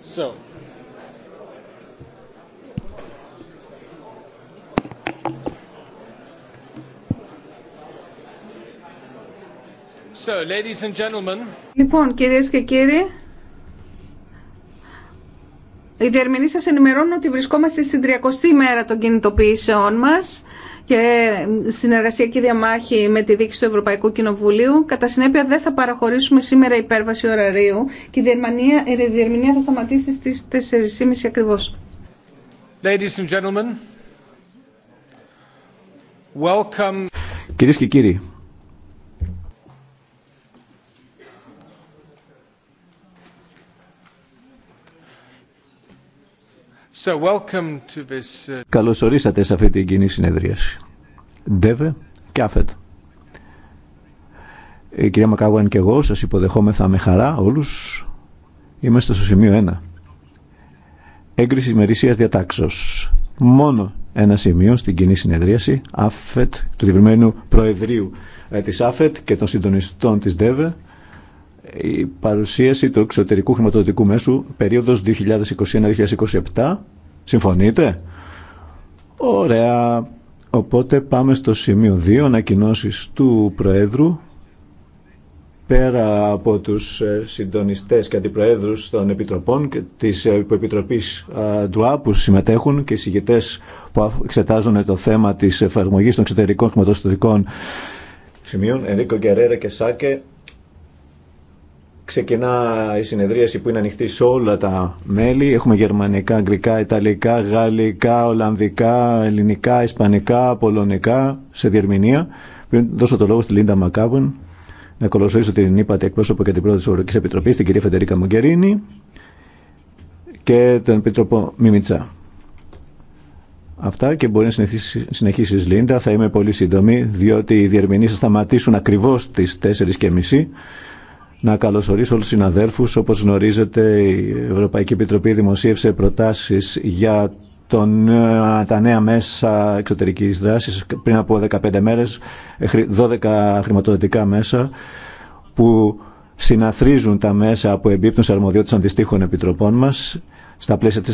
So. So, ladies and gentlemen. Λοιπόν, κυρίες και κύριοι, οι διερμηνείς σας ενημερώνουν ότι βρισκόμαστε στην 30η μέρα των κινητοποιήσεών μας και και διαμάχη με τη δίκηση του Ευρωπαϊκού Κοινοβουλίου. Κατά συνέπεια δεν θα παραχωρήσουμε σήμερα υπέρβαση ωραρίου και η διερμηνία, θα σταματήσει στις 4.30 ακριβώς. Ladies και κύριοι, Uh, Καλώς ορίσατε σε αυτή την κοινή συνεδρίαση. Ντεβε και Άφετ. Η ε, κυρία Μακάγουαν και εγώ σας υποδεχόμεθα με χαρά όλους. Είμαστε στο σημείο 1. Έγκριση ημερησίας διατάξεως. Μόνο ένα σημείο στην κοινή συνεδρίαση ΑΦΕΤ, του διευρυμένου Προεδρίου ε, της ΑΦΕΤ και των συντονιστών της ΔΕΒΕ η παρουσίαση του εξωτερικού χρηματοδοτικού μέσου περίοδος 2021-2027 Συμφωνείτε? Ωραία. Οπότε πάμε στο σημείο 2, ανακοινώσει του Προέδρου. Πέρα από τους ε, συντονιστές και αντιπροέδρους των Επιτροπών και της ε, Υποεπιτροπής ε, ΔΟΑ που συμμετέχουν και οι συγκεκριτές που εξετάζουν το θέμα της εφαρμογής των εξωτερικών χρηματοστατικών σημείων, Ενρίκο Γκερέρα και Σάκε, Ξεκινά η συνεδρίαση που είναι ανοιχτή σε όλα τα μέλη. Έχουμε γερμανικά, αγγλικά, ιταλικά, γαλλικά, ολλανδικά, ελληνικά, ισπανικά, πολωνικά σε διερμηνία. Πριν δώσω το λόγο στη Λίντα Μακάβουν να κολοσορίσω την είπατε εκπρόσωπο και την πρόεδρο τη Ευρωπαϊκή Επιτροπή, την κυρία Φεντερίκα Μογκερίνη και τον επίτροπο Μιμιτσά. Αυτά και μπορεί να συνεχίσει Λίντα. Θα είμαι πολύ σύντομη, διότι οι διερμηνεί θα σταματήσουν ακριβώ στι 4.30 να καλωσορίσω όλους τους συναδέλφους. Όπως γνωρίζετε, η Ευρωπαϊκή Επιτροπή δημοσίευσε προτάσεις για τον, ε, τα νέα μέσα εξωτερικής δράσης πριν από 15 μέρες, 12 ε, χρηματοδοτικά μέσα που συναθρίζουν τα μέσα που εμπίπτουν σε αρμοδιότητες αντιστοίχων επιτροπών μας στα πλαίσια τη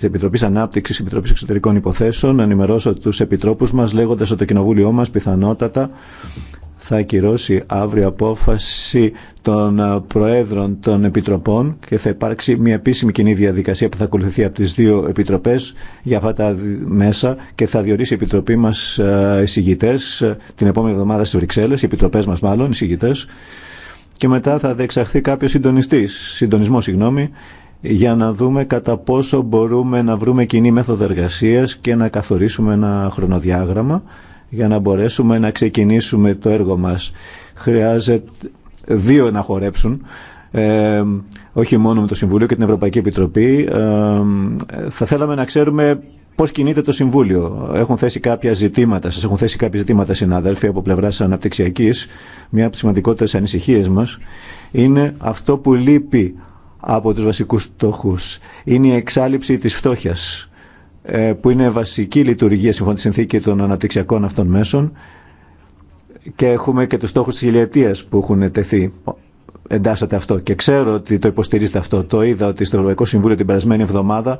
Επιτροπή Ανάπτυξη και Επιτροπή Εξωτερικών Υποθέσεων, να ενημερώσω του επιτρόπου μα, λέγοντα ότι το Κοινοβούλιο μα πιθανότατα θα ακυρώσει αύριο απόφαση των ε, Προέδρων των Επιτροπών και θα υπάρξει μια επίσημη κοινή διαδικασία που θα ακολουθηθεί από τις δύο Επιτροπές για αυτά τα μέσα και θα διορίσει η Επιτροπή μας ε, εισηγητές ε, την επόμενη εβδομάδα στις Βρυξέλλες, οι Επιτροπές μας μάλλον εισηγητέ. και μετά θα δεξαχθεί κάποιο συντονισμό συγγνώμη, για να δούμε κατά πόσο μπορούμε να βρούμε κοινή μέθοδο εργασίας και να καθορίσουμε ένα χρονοδιάγραμμα για να μπορέσουμε να ξεκινήσουμε το έργο μας. Χρειάζεται δύο να χορέψουν, ε, όχι μόνο με το Συμβούλιο και την Ευρωπαϊκή Επιτροπή. Ε, θα θέλαμε να ξέρουμε πώς κινείται το Συμβούλιο. Έχουν θέσει κάποια ζητήματα, σας έχουν θέσει κάποια ζητήματα συνάδελφοι από πλευρά αναπτυξιακής. Μία από τις σημαντικότερες ανησυχίες μας είναι αυτό που λείπει από τους βασικούς στόχους. Είναι η εξάλληψη της φτώχειας, ε, που είναι βασική λειτουργία σύμφωνα τη συνθήκη των αναπτυξιακών αυτών μέσων και έχουμε και τους στόχους της χιλιετίας που έχουν τεθεί. Εντάσσεται αυτό και ξέρω ότι το υποστηρίζετε αυτό. Το είδα ότι στο Ευρωπαϊκό Συμβούλιο την περασμένη εβδομάδα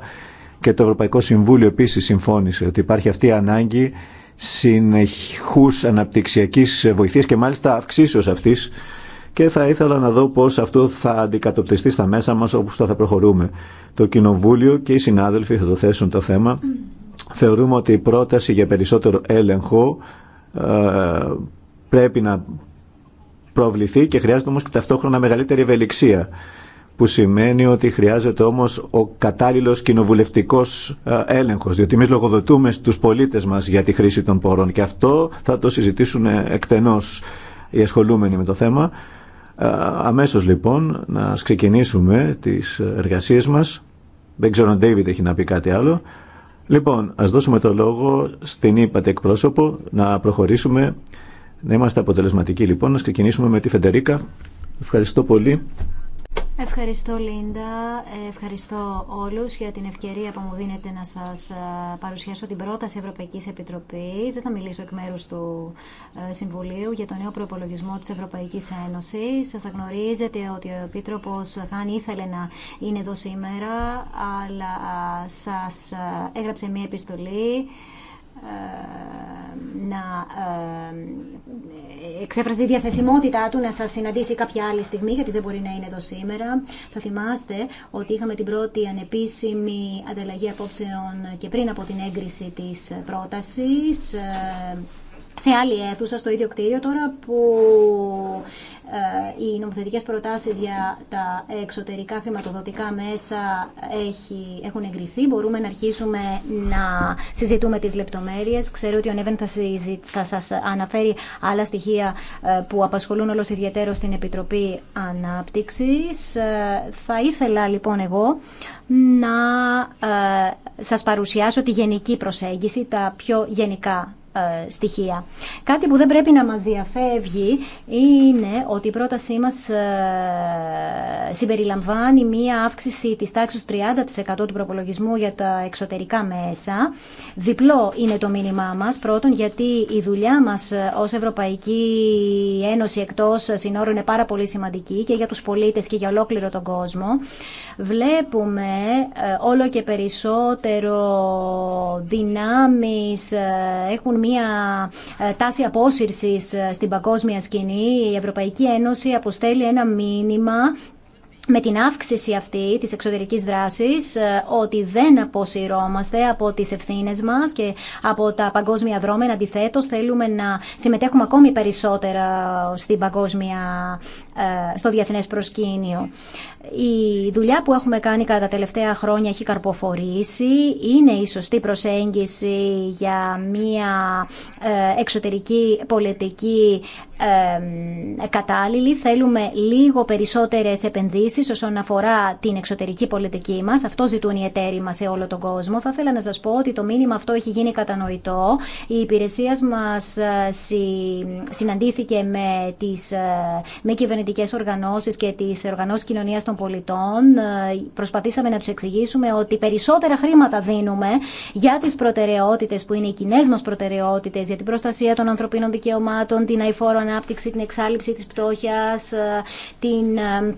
και το Ευρωπαϊκό Συμβούλιο επίση συμφώνησε ότι υπάρχει αυτή η ανάγκη συνεχούς αναπτυξιακής βοηθείας και μάλιστα αυξήσεως αυτής και θα ήθελα να δω πώς αυτό θα αντικατοπτριστεί στα μέσα μας όπως θα, προχωρούμε. Το Κοινοβούλιο και οι συνάδελφοι θα το θέσουν το θέμα. Θεωρούμε ότι η πρόταση για περισσότερο έλεγχο ε, πρέπει να προβληθεί και χρειάζεται όμως και ταυτόχρονα μεγαλύτερη ευελιξία που σημαίνει ότι χρειάζεται όμως ο κατάλληλος κοινοβουλευτικός ε, έλεγχος, διότι εμεί λογοδοτούμε στους πολίτες μας για τη χρήση των πόρων και αυτό θα το συζητήσουν ε, εκτενώς οι ασχολούμενοι με το θέμα. Ε, αμέσως λοιπόν να ξεκινήσουμε τις εργασίες μας. Δεν ξέρω αν David έχει να πει κάτι άλλο. Λοιπόν, ας δώσουμε το λόγο στην είπατε εκπρόσωπο να προχωρήσουμε, να είμαστε αποτελεσματικοί λοιπόν, να ξεκινήσουμε με τη Φεντερίκα. Ευχαριστώ πολύ. Ευχαριστώ Λίντα, ευχαριστώ όλους για την ευκαιρία που μου δίνετε να σας ε, παρουσιάσω την πρόταση Ευρωπαϊκής Επιτροπής. Δεν θα μιλήσω εκ μέρους του ε, Συμβουλίου για το νέο προπολογισμό της Ευρωπαϊκής Ένωσης. Θα γνωρίζετε ότι ο Επίτροπος Χάν ήθελε να είναι εδώ σήμερα, αλλά ε, σας έγραψε μια επιστολή ε, να ε, εξέφρασε τη διαθεσιμότητά του να σας συναντήσει κάποια άλλη στιγμή γιατί δεν μπορεί να είναι εδώ σήμερα. Θα θυμάστε ότι είχαμε την πρώτη ανεπίσημη ανταλλαγή απόψεων και πριν από την έγκριση της πρότασης ε, σε άλλη αίθουσα, στο ίδιο κτίριο, τώρα που ε, οι νομοθετικές προτάσεις για τα εξωτερικά χρηματοδοτικά μέσα έχουν εγκριθεί. Μπορούμε να αρχίσουμε να συζητούμε τις λεπτομέρειες. Ξέρω ότι ο Νέβεν θα, σας αναφέρει άλλα στοιχεία ε, που απασχολούν όλος ιδιαίτερο στην Επιτροπή Ανάπτυξης. Ε, θα ήθελα λοιπόν εγώ να σας παρουσιάσω τη γενική προσέγγιση, τα πιο γενικά ε, στοιχεία. Κάτι που δεν πρέπει να μας διαφεύγει είναι ότι η πρότασή μας ε, συμπεριλαμβάνει μία αύξηση της τάξης 30% του προπολογισμού για τα εξωτερικά μέσα. Διπλό είναι το μήνυμά μας. Πρώτον, γιατί η δουλειά μας ε, ως Ευρωπαϊκή Ένωση εκτός συνόρων είναι πάρα πολύ σημαντική και για τους πολίτες και για ολόκληρο τον κόσμο. Βλέπουμε όλο και περισσότερο δυνάμεις έχουν μια ε, τάση απόσυρσης ε, στην παγκόσμια σκηνή. Η Ευρωπαϊκή Ένωση αποστέλει ένα μήνυμα με την αύξηση αυτή της εξωτερικής δράσης ε, ότι δεν αποσυρώμαστε από τις ευθύνες μας και από τα παγκόσμια δρόμενα αντιθέτω, θέλουμε να συμμετέχουμε ακόμη περισσότερα στην παγκόσμια, στο διεθνές προσκήνιο η δουλειά που έχουμε κάνει κατά τα τελευταία χρόνια έχει καρποφορήσει. Είναι η σωστή προσέγγιση για μια ε, εξωτερική πολιτική ε, κατάλληλη. Θέλουμε λίγο περισσότερες επενδύσεις όσον αφορά την εξωτερική πολιτική μας. Αυτό ζητούν οι εταίροι μας σε όλο τον κόσμο. Θα ήθελα να σας πω ότι το μήνυμα αυτό έχει γίνει κατανοητό. Η υπηρεσία μας ε, συναντήθηκε με, τις, κυβερνητικές οργανώσεις και τις οργανώσεις κοινωνίας των πολιτών ε, προσπαθήσαμε να του εξηγήσουμε ότι περισσότερα χρήματα δίνουμε για τις προτεραιότητες που είναι οι κοινέ μα προτεραιότητες, για την προστασία των ανθρωπίνων δικαιωμάτων, την αηφόρο ανάπτυξη, την εξάλληψη της πτώχεια, ε, την ε,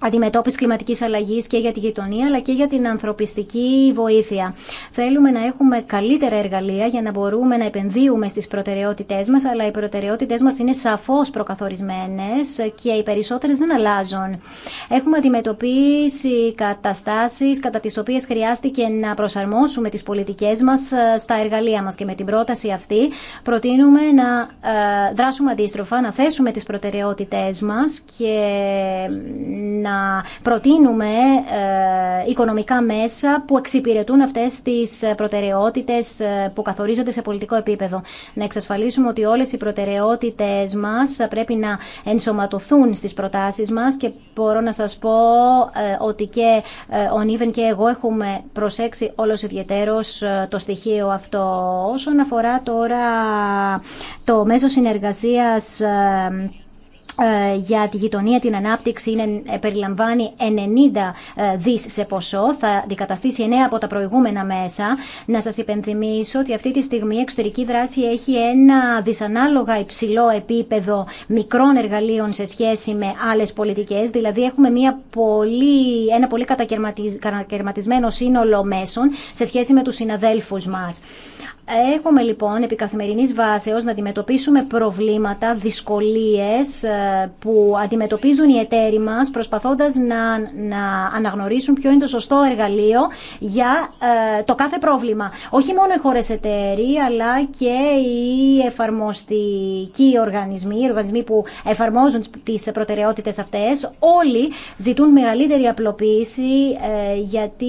αντιμετώπιση κλιματική αλλαγή και για τη γειτονία αλλά και για την ανθρωπιστική βοήθεια. Θέλουμε να έχουμε καλύτερα εργαλεία για να μπορούμε να επενδύουμε στι προτεραιότητε μα, αλλά οι προτεραιότητε μα είναι σαφώ προκαθορισμένες και οι περισσότερε δεν αλλάζουν. Έχουμε αντιμετωπίσει καταστάσει κατά τι οποίε χρειάστηκε να προσαρμόσουμε τι πολιτικέ μα ε, στα εργαλεία μα και με την πρόταση αυτή προτείνουμε να ε, δράσουμε αντίστροφα, να θέσουμε τι προτεραιότητέ μα και να να προτείνουμε ε, οικονομικά μέσα που εξυπηρετούν αυτές τις ε, προτεραιότητες ε, που καθορίζονται σε πολιτικό επίπεδο. Να εξασφαλίσουμε ότι όλες οι προτεραιότητες μας πρέπει να ενσωματωθούν στις προτάσεις μας και μπορώ να σας πω ότι και ο Νίβεν και εγώ έχουμε προσέξει όλος ιδιαιτέρως το στοιχείο αυτό. Όσον αφορά τώρα το μέσο συνεργασίας ε, για τη γειτονία, την ανάπτυξη είναι, ε, περιλαμβάνει 90 ε, δις σε ποσό, θα αντικαταστήσει 9 από τα προηγούμενα μέσα. Να σας υπενθυμίσω ότι αυτή τη στιγμή η εξωτερική δράση έχει ένα δυσανάλογα υψηλό επίπεδο μικρών εργαλείων σε σχέση με άλλες πολιτικές, δηλαδή έχουμε μια πολύ, ένα πολύ κατακαιρματισμένο σύνολο μέσων σε σχέση με τους συναδέλφους μας. Έχουμε λοιπόν επί καθημερινής βάσεως να αντιμετωπίσουμε προβλήματα, δυσκολίες ε, που αντιμετωπίζουν οι εταίροι μας προσπαθώντας να, να αναγνωρίσουν ποιο είναι το σωστό εργαλείο για ε, το κάθε πρόβλημα. Όχι μόνο οι χώρες εταίροι αλλά και οι εφαρμοστικοί οργανισμοί, οι οργανισμοί που εφαρμόζουν τις προτεραιότητες αυτές, όλοι ζητούν μεγαλύτερη απλοποίηση ε, γιατί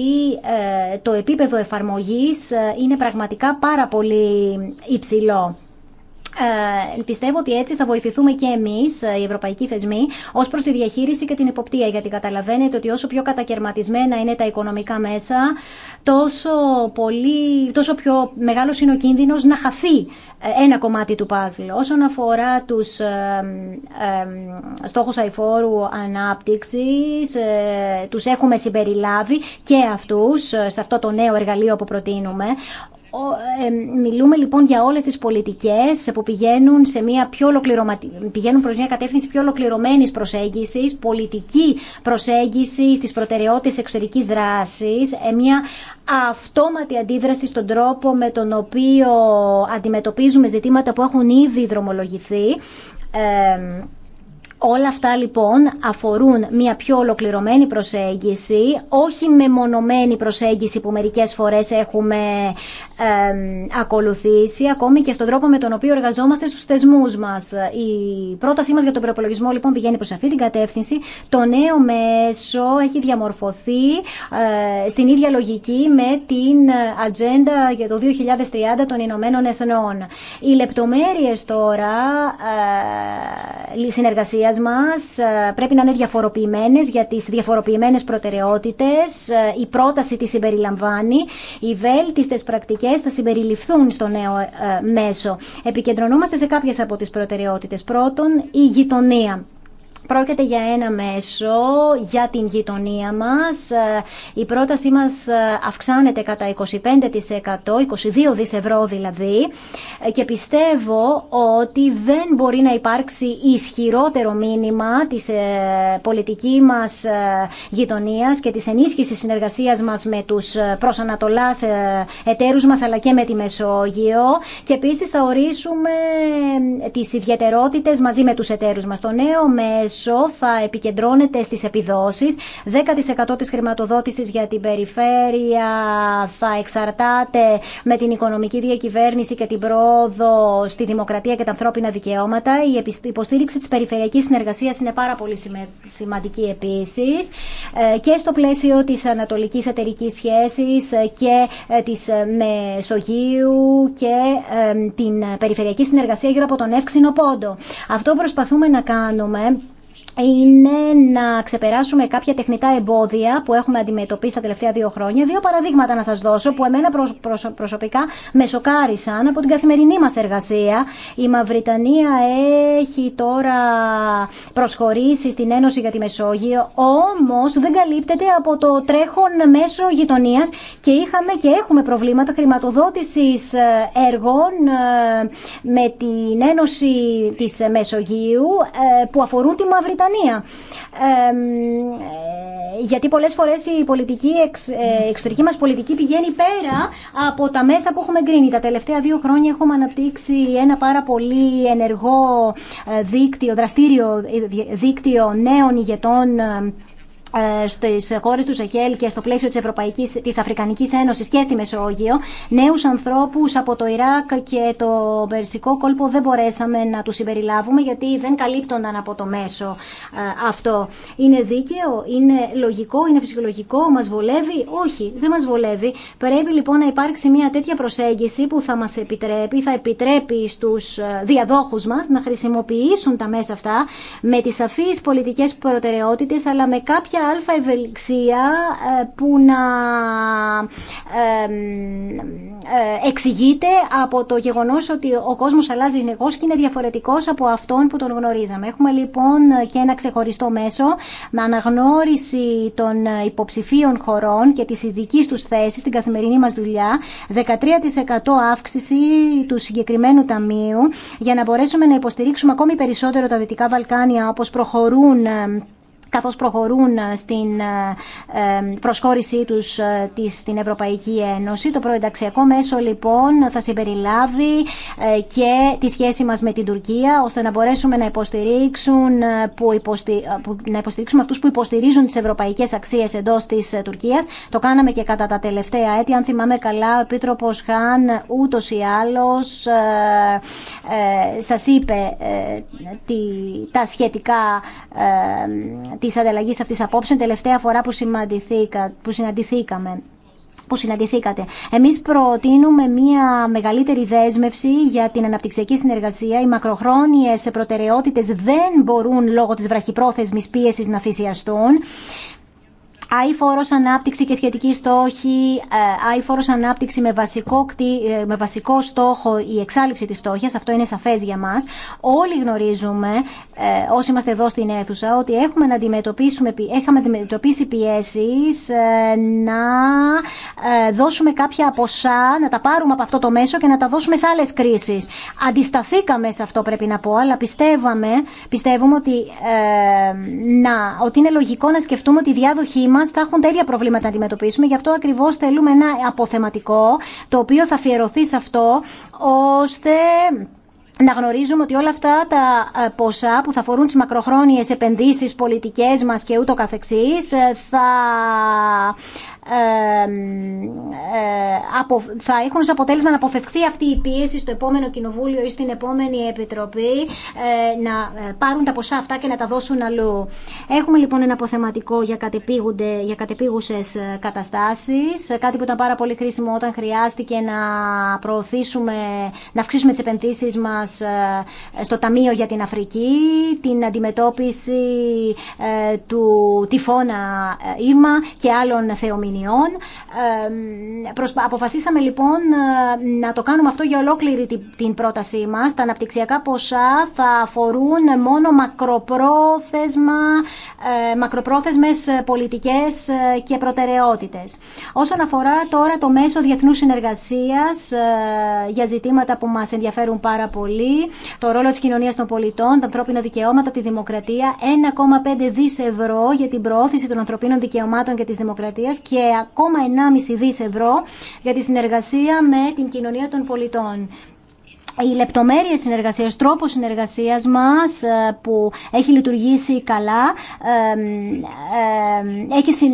το επίπεδο εφαρμογής είναι πραγματικά πάρα πολύ υψηλό. Ε, πιστεύω ότι έτσι θα βοηθηθούμε και εμεί, ε, οι ευρωπαϊκοί θεσμοί, ω προ τη διαχείριση και την υποπτία. Γιατί καταλαβαίνετε ότι όσο πιο κατακαιρματισμένα είναι τα οικονομικά μέσα, τόσο, πολύ, τόσο πιο μεγάλο είναι ο κίνδυνο να χαθεί ε, ένα κομμάτι του παζλ. Όσον αφορά του ε, ε, στόχου αηφόρου ανάπτυξη, ε, του έχουμε συμπεριλάβει και αυτού σε αυτό το νέο εργαλείο που προτείνουμε. Ε, μιλούμε λοιπόν για όλες τις πολιτικές που πηγαίνουν, σε μια πιο πηγαίνουν προς μια κατεύθυνση πιο ολοκληρωμένης προσέγγισης, πολιτική προσέγγιση στις προτεραιότητες εξωτερικής δράσης, ε, μια αυτόματη αντίδραση στον τρόπο με τον οποίο αντιμετωπίζουμε ζητήματα που έχουν ήδη δρομολογηθεί. Ε, όλα αυτά λοιπόν αφορούν μια πιο ολοκληρωμένη προσέγγιση, όχι μεμονωμένη προσέγγιση που μερικές φορές έχουμε ακολουθήσει ακόμη και στον τρόπο με τον οποίο εργαζόμαστε στους θεσμούς μας. Η πρότασή μας για τον προπολογισμό λοιπόν πηγαίνει προς αυτή την κατεύθυνση. Το νέο μέσο έχει διαμορφωθεί ε, στην ίδια λογική με την ατζέντα για το 2030 των Ηνωμένων Εθνών. Οι λεπτομέρειες τώρα ε, συνεργασίας μας ε, πρέπει να είναι διαφοροποιημένες για τις διαφοροποιημένες προτεραιότητες. Η πρόταση τη συμπεριλαμβάνει. Οι βέλτιστες πρακτικές θα συμπεριληφθούν στο νέο ε, μέσο. Επικεντρωνόμαστε σε κάποιες από τις προτεραιότητες. Πρώτον, η γειτονία. Πρόκειται για ένα μέσο για την γειτονία μας. Ε, η πρότασή μας ε, αυξάνεται κατά 25%, 22 δις ευρώ δηλαδή ε, και πιστεύω ότι δεν μπορεί να υπάρξει ισχυρότερο μήνυμα της πολιτική μας γειτονίας και της ενίσχυσης συνεργασίας μας με τους προσανατολάς εταίρους μας αλλά και με τη Μεσόγειο και επίσης θα ορίσουμε τις ιδιαιτερότητες μαζί με τους εταίρους μας. Το νέο μέσο θα επικεντρώνεται στις επιδόσεις. 10% της χρηματοδότησης για την περιφέρεια θα εξαρτάται με την οικονομική διακυβέρνηση και την πρόοδο στη δημοκρατία και τα ανθρώπινα δικαιώματα. Η υποστήριξη της περιφερειακής συνεργασίας είναι πάρα πολύ σημαντική επίσης ε, και στο πλαίσιο της ανατολικής εταιρικής σχέσης ε, και ε, της Μεσογείου και την περιφερειακή συνεργασία γύρω από τον Εύξηνο Πόντο. Αυτό προσπαθούμε να κάνουμε είναι να ξεπεράσουμε κάποια τεχνητά εμπόδια που έχουμε αντιμετωπίσει τα τελευταία δύο χρόνια. Δύο παραδείγματα να σας δώσω που εμένα προσωπικά με σοκάρισαν από την καθημερινή μας εργασία. Η Μαυριτανία έχει τώρα προσχωρήσει στην Ένωση για τη Μεσόγειο, όμως δεν καλύπτεται από το τρέχον μέσο γειτονία και είχαμε και έχουμε προβλήματα χρηματοδότηση ε, έργων ε, με την Ένωση τη Μεσογείου ε, που αφορούν τη Μαυριτανία. Ε, γιατί πολλές φορές η πολιτική, ε, εξωτερική μας πολιτική πηγαίνει πέρα από τα μέσα που έχουμε εγκρίνει. Τα τελευταία δύο χρόνια έχουμε αναπτύξει ένα πάρα πολύ ενεργό ε, δίκτυο, δραστήριο δίκτυο νέων ηγετών ε, Στι χώρε του Σεχέλ και στο πλαίσιο τη Ευρωπαϊκής, της Αφρικανικής Ένωσης και στη Μεσόγειο νέους ανθρώπους από το Ιράκ και το Περσικό κόλπο δεν μπορέσαμε να τους συμπεριλάβουμε γιατί δεν καλύπτονταν από το μέσο ε, αυτό. Είναι δίκαιο, είναι λογικό, είναι φυσιολογικό, μας βολεύει, όχι δεν μας βολεύει. Πρέπει λοιπόν να υπάρξει μια τέτοια προσέγγιση που θα μας επιτρέπει, θα επιτρέπει στους ε, διαδόχους μας να χρησιμοποιήσουν τα μέσα αυτά με τις σαφείς πολιτικές προτεραιότητες αλλά με κάποια κάποια αλφα ευελιξία ε, που να ε, ε, εξηγείται από το γεγονός ότι ο κόσμος αλλάζει συνεχώς και είναι διαφορετικός από αυτόν που τον γνωρίζαμε. Έχουμε λοιπόν και ένα ξεχωριστό μέσο με αναγνώριση των υποψηφίων χωρών και της ειδική τους θέσης στην καθημερινή μας δουλειά, 13% αύξηση του συγκεκριμένου ταμείου για να μπορέσουμε να υποστηρίξουμε ακόμη περισσότερο τα Δυτικά Βαλκάνια όπως προχωρούν καθώς προχωρούν ε, στην ε, ε, προσχώρησή τους στην Ευρωπαϊκή Ένωση. Το προενταξιακό μέσο λοιπόν θα συμπεριλάβει και τη σχέση μας με την Τουρκία ώστε να μπορέσουμε να υποστηρίξουν, που υποστη... να υποστηρίξουμε αυτούς που υποστηρίζουν τις ευρωπαϊκές αξίες εντός της Τουρκίας. Το κάναμε και κατά τα τελευταία έτη. Αν θυμάμαι καλά, ο Επίτροπος Χάν ούτως ή άλλως σας είπε τα σχετικά τη ανταλλαγή αυτής απόψε, τελευταία φορά που, που συναντηθήκαμε που συναντηθήκατε. Εμείς προτείνουμε μια μεγαλύτερη δέσμευση για την αναπτυξιακή συνεργασία. Οι μακροχρόνιες προτεραιότητες δεν μπορούν λόγω της βραχυπρόθεσμης πίεσης να θυσιαστούν αηφόρο ανάπτυξη και σχετική στόχη, αηφόρο ε, ανάπτυξη με βασικό, ε, με βασικό στόχο η εξάλληψη τη φτώχεια. αυτό είναι σαφέ για μα. Όλοι γνωρίζουμε, ε, όσοι είμαστε εδώ στην αίθουσα, ότι έχουμε να αντιμετωπίσουμε, έχουμε αντιμετωπίσει πιέσει να δώσουμε κάποια ποσά, να τα πάρουμε από αυτό το μέσο και να τα δώσουμε σε άλλε κρίσει. Αντισταθήκαμε σε αυτό πρέπει να πω, αλλά πιστεύαμε, πιστεύουμε ότι, να, ότι είναι λογικό να σκεφτούμε ότι η διάδοχή μα μα θα έχουν τέτοια προβλήματα να αντιμετωπίσουμε. Γι' αυτό ακριβώ θέλουμε ένα αποθεματικό το οποίο θα αφιερωθεί σε αυτό ώστε να γνωρίζουμε ότι όλα αυτά τα ε, ποσά που θα φορούν τις μακροχρόνιες επενδύσεις πολιτικές μας και ούτω καθεξής ε, θα ε, θα έχουν ως αποτέλεσμα να αποφευχθεί αυτή η πίεση στο επόμενο κοινοβούλιο ή στην επόμενη επιτροπή ε, να ε, πάρουν τα ποσά αυτά και να τα δώσουν αλλού. Έχουμε λοιπόν ένα αποθεματικό για, για κατεπήγουσες καταστάσεις, κάτι που ήταν πάρα πολύ χρήσιμο όταν χρειάστηκε να προωθήσουμε, να αυξήσουμε τις επενδύσεις μας στο Ταμείο για την Αφρική, την αντιμετώπιση του τυφώνα Ήρμα και άλλων θεομηνιών Αποφασίσαμε λοιπόν ε, να το κάνουμε αυτό για ολόκληρη την πρότασή μας. Τα αναπτυξιακά ποσά θα αφορούν μόνο μακροπρόθεσμα, ε, μακροπρόθεσμες ε, πολιτικές και προτεραιότητες. Όσον αφορά τώρα το μέσο διεθνού συνεργασίας για ζητήματα που μας ενδιαφέρουν πάρα πολύ, το ρόλο της κοινωνίας των πολιτών, τα ανθρώπινα δικαιώματα, τη δημοκρατία, 1,5 δις ευρώ για την προώθηση των ανθρωπίνων δικαιωμάτων και της δημοκρατίας και και ακόμα 1,5 δις ευρώ για τη συνεργασία με την κοινωνία των πολιτών οι λεπτομέρειε συνεργασία, τρόπο συνεργασία μα ε, που έχει λειτουργήσει καλά,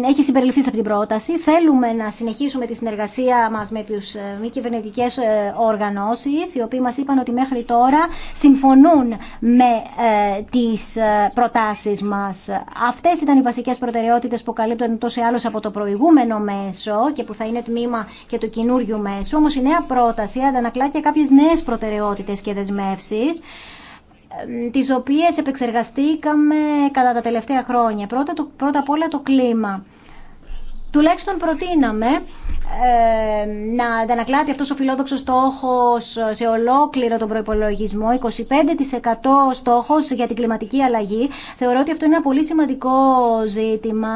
έχει συμπεριληφθεί σε αυτή την πρόταση. Θέλουμε να συνεχίσουμε τη συνεργασία μα με τι ε, μη κυβερνητικέ ε, οργανώσει, οι οποίοι μα είπαν ότι μέχρι τώρα συμφωνούν με τις προτάσει μα. Αυτέ ήταν οι βασικέ προτεραιότητε που καλύπτουν τόσο ή άλλως από το προηγούμενο μέσο και που θα είναι τμήμα και του καινούριου μέσου. όμω η νέα πρόταση αντανακλά και κάποιε νέε προτεραιότητε προτεραιότητες και δεσμεύσεις ε, τις οποίες επεξεργαστήκαμε κατά τα τελευταία χρόνια. Πρώτα, το, πρώτα απ' όλα το κλίμα. Τουλάχιστον προτείναμε ε, να αντανακλάται αυτός ο φιλόδοξος στόχος σε ολόκληρο τον προϋπολογισμό, 25% στόχος για την κλιματική αλλαγή. Θεωρώ ότι αυτό είναι ένα πολύ σημαντικό ζήτημα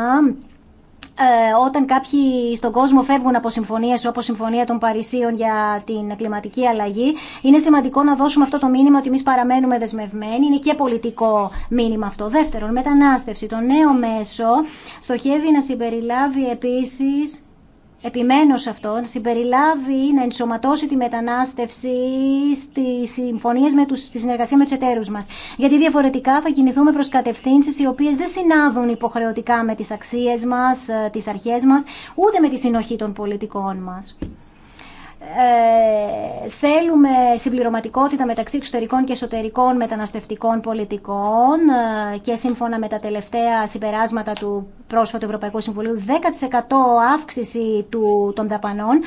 ε, όταν κάποιοι στον κόσμο φεύγουν από συμφωνίε όπω η Συμφωνία των Παρισίων για την κλιματική αλλαγή, είναι σημαντικό να δώσουμε αυτό το μήνυμα ότι εμεί παραμένουμε δεσμευμένοι. Είναι και πολιτικό μήνυμα αυτό. Δεύτερον, μετανάστευση. Το νέο μέσο στοχεύει να συμπεριλάβει επίση επιμένω σε αυτό, να συμπεριλάβει, να ενσωματώσει τη μετανάστευση στι συμφωνίε με τους, στη συνεργασία με του εταίρου μα. Γιατί διαφορετικά θα κινηθούμε προ κατευθύνσει οι οποίε δεν συνάδουν υποχρεωτικά με τι αξίε μα, ε, τι αρχέ μα, ούτε με τη συνοχή των πολιτικών μα. Ε, θέλουμε συμπληρωματικότητα μεταξύ εξωτερικών και εσωτερικών μεταναστευτικών πολιτικών ε, και σύμφωνα με τα τελευταία συμπεράσματα του πρόσφατου Ευρωπαϊκού Συμβουλίου 10% αύξηση του, των δαπανών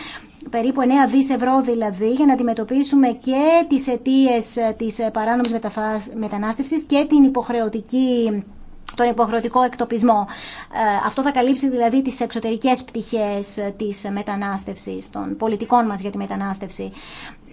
περίπου 9 δις ευρώ δηλαδή για να αντιμετωπίσουμε και τις αιτίες της παράνομης μετανάστευσης και την υποχρεωτική τον υποχρεωτικό εκτοπισμό. Ε, αυτό θα καλύψει δηλαδή τις εξωτερικές πτυχές της μετανάστευσης, των πολιτικών μας για τη μετανάστευση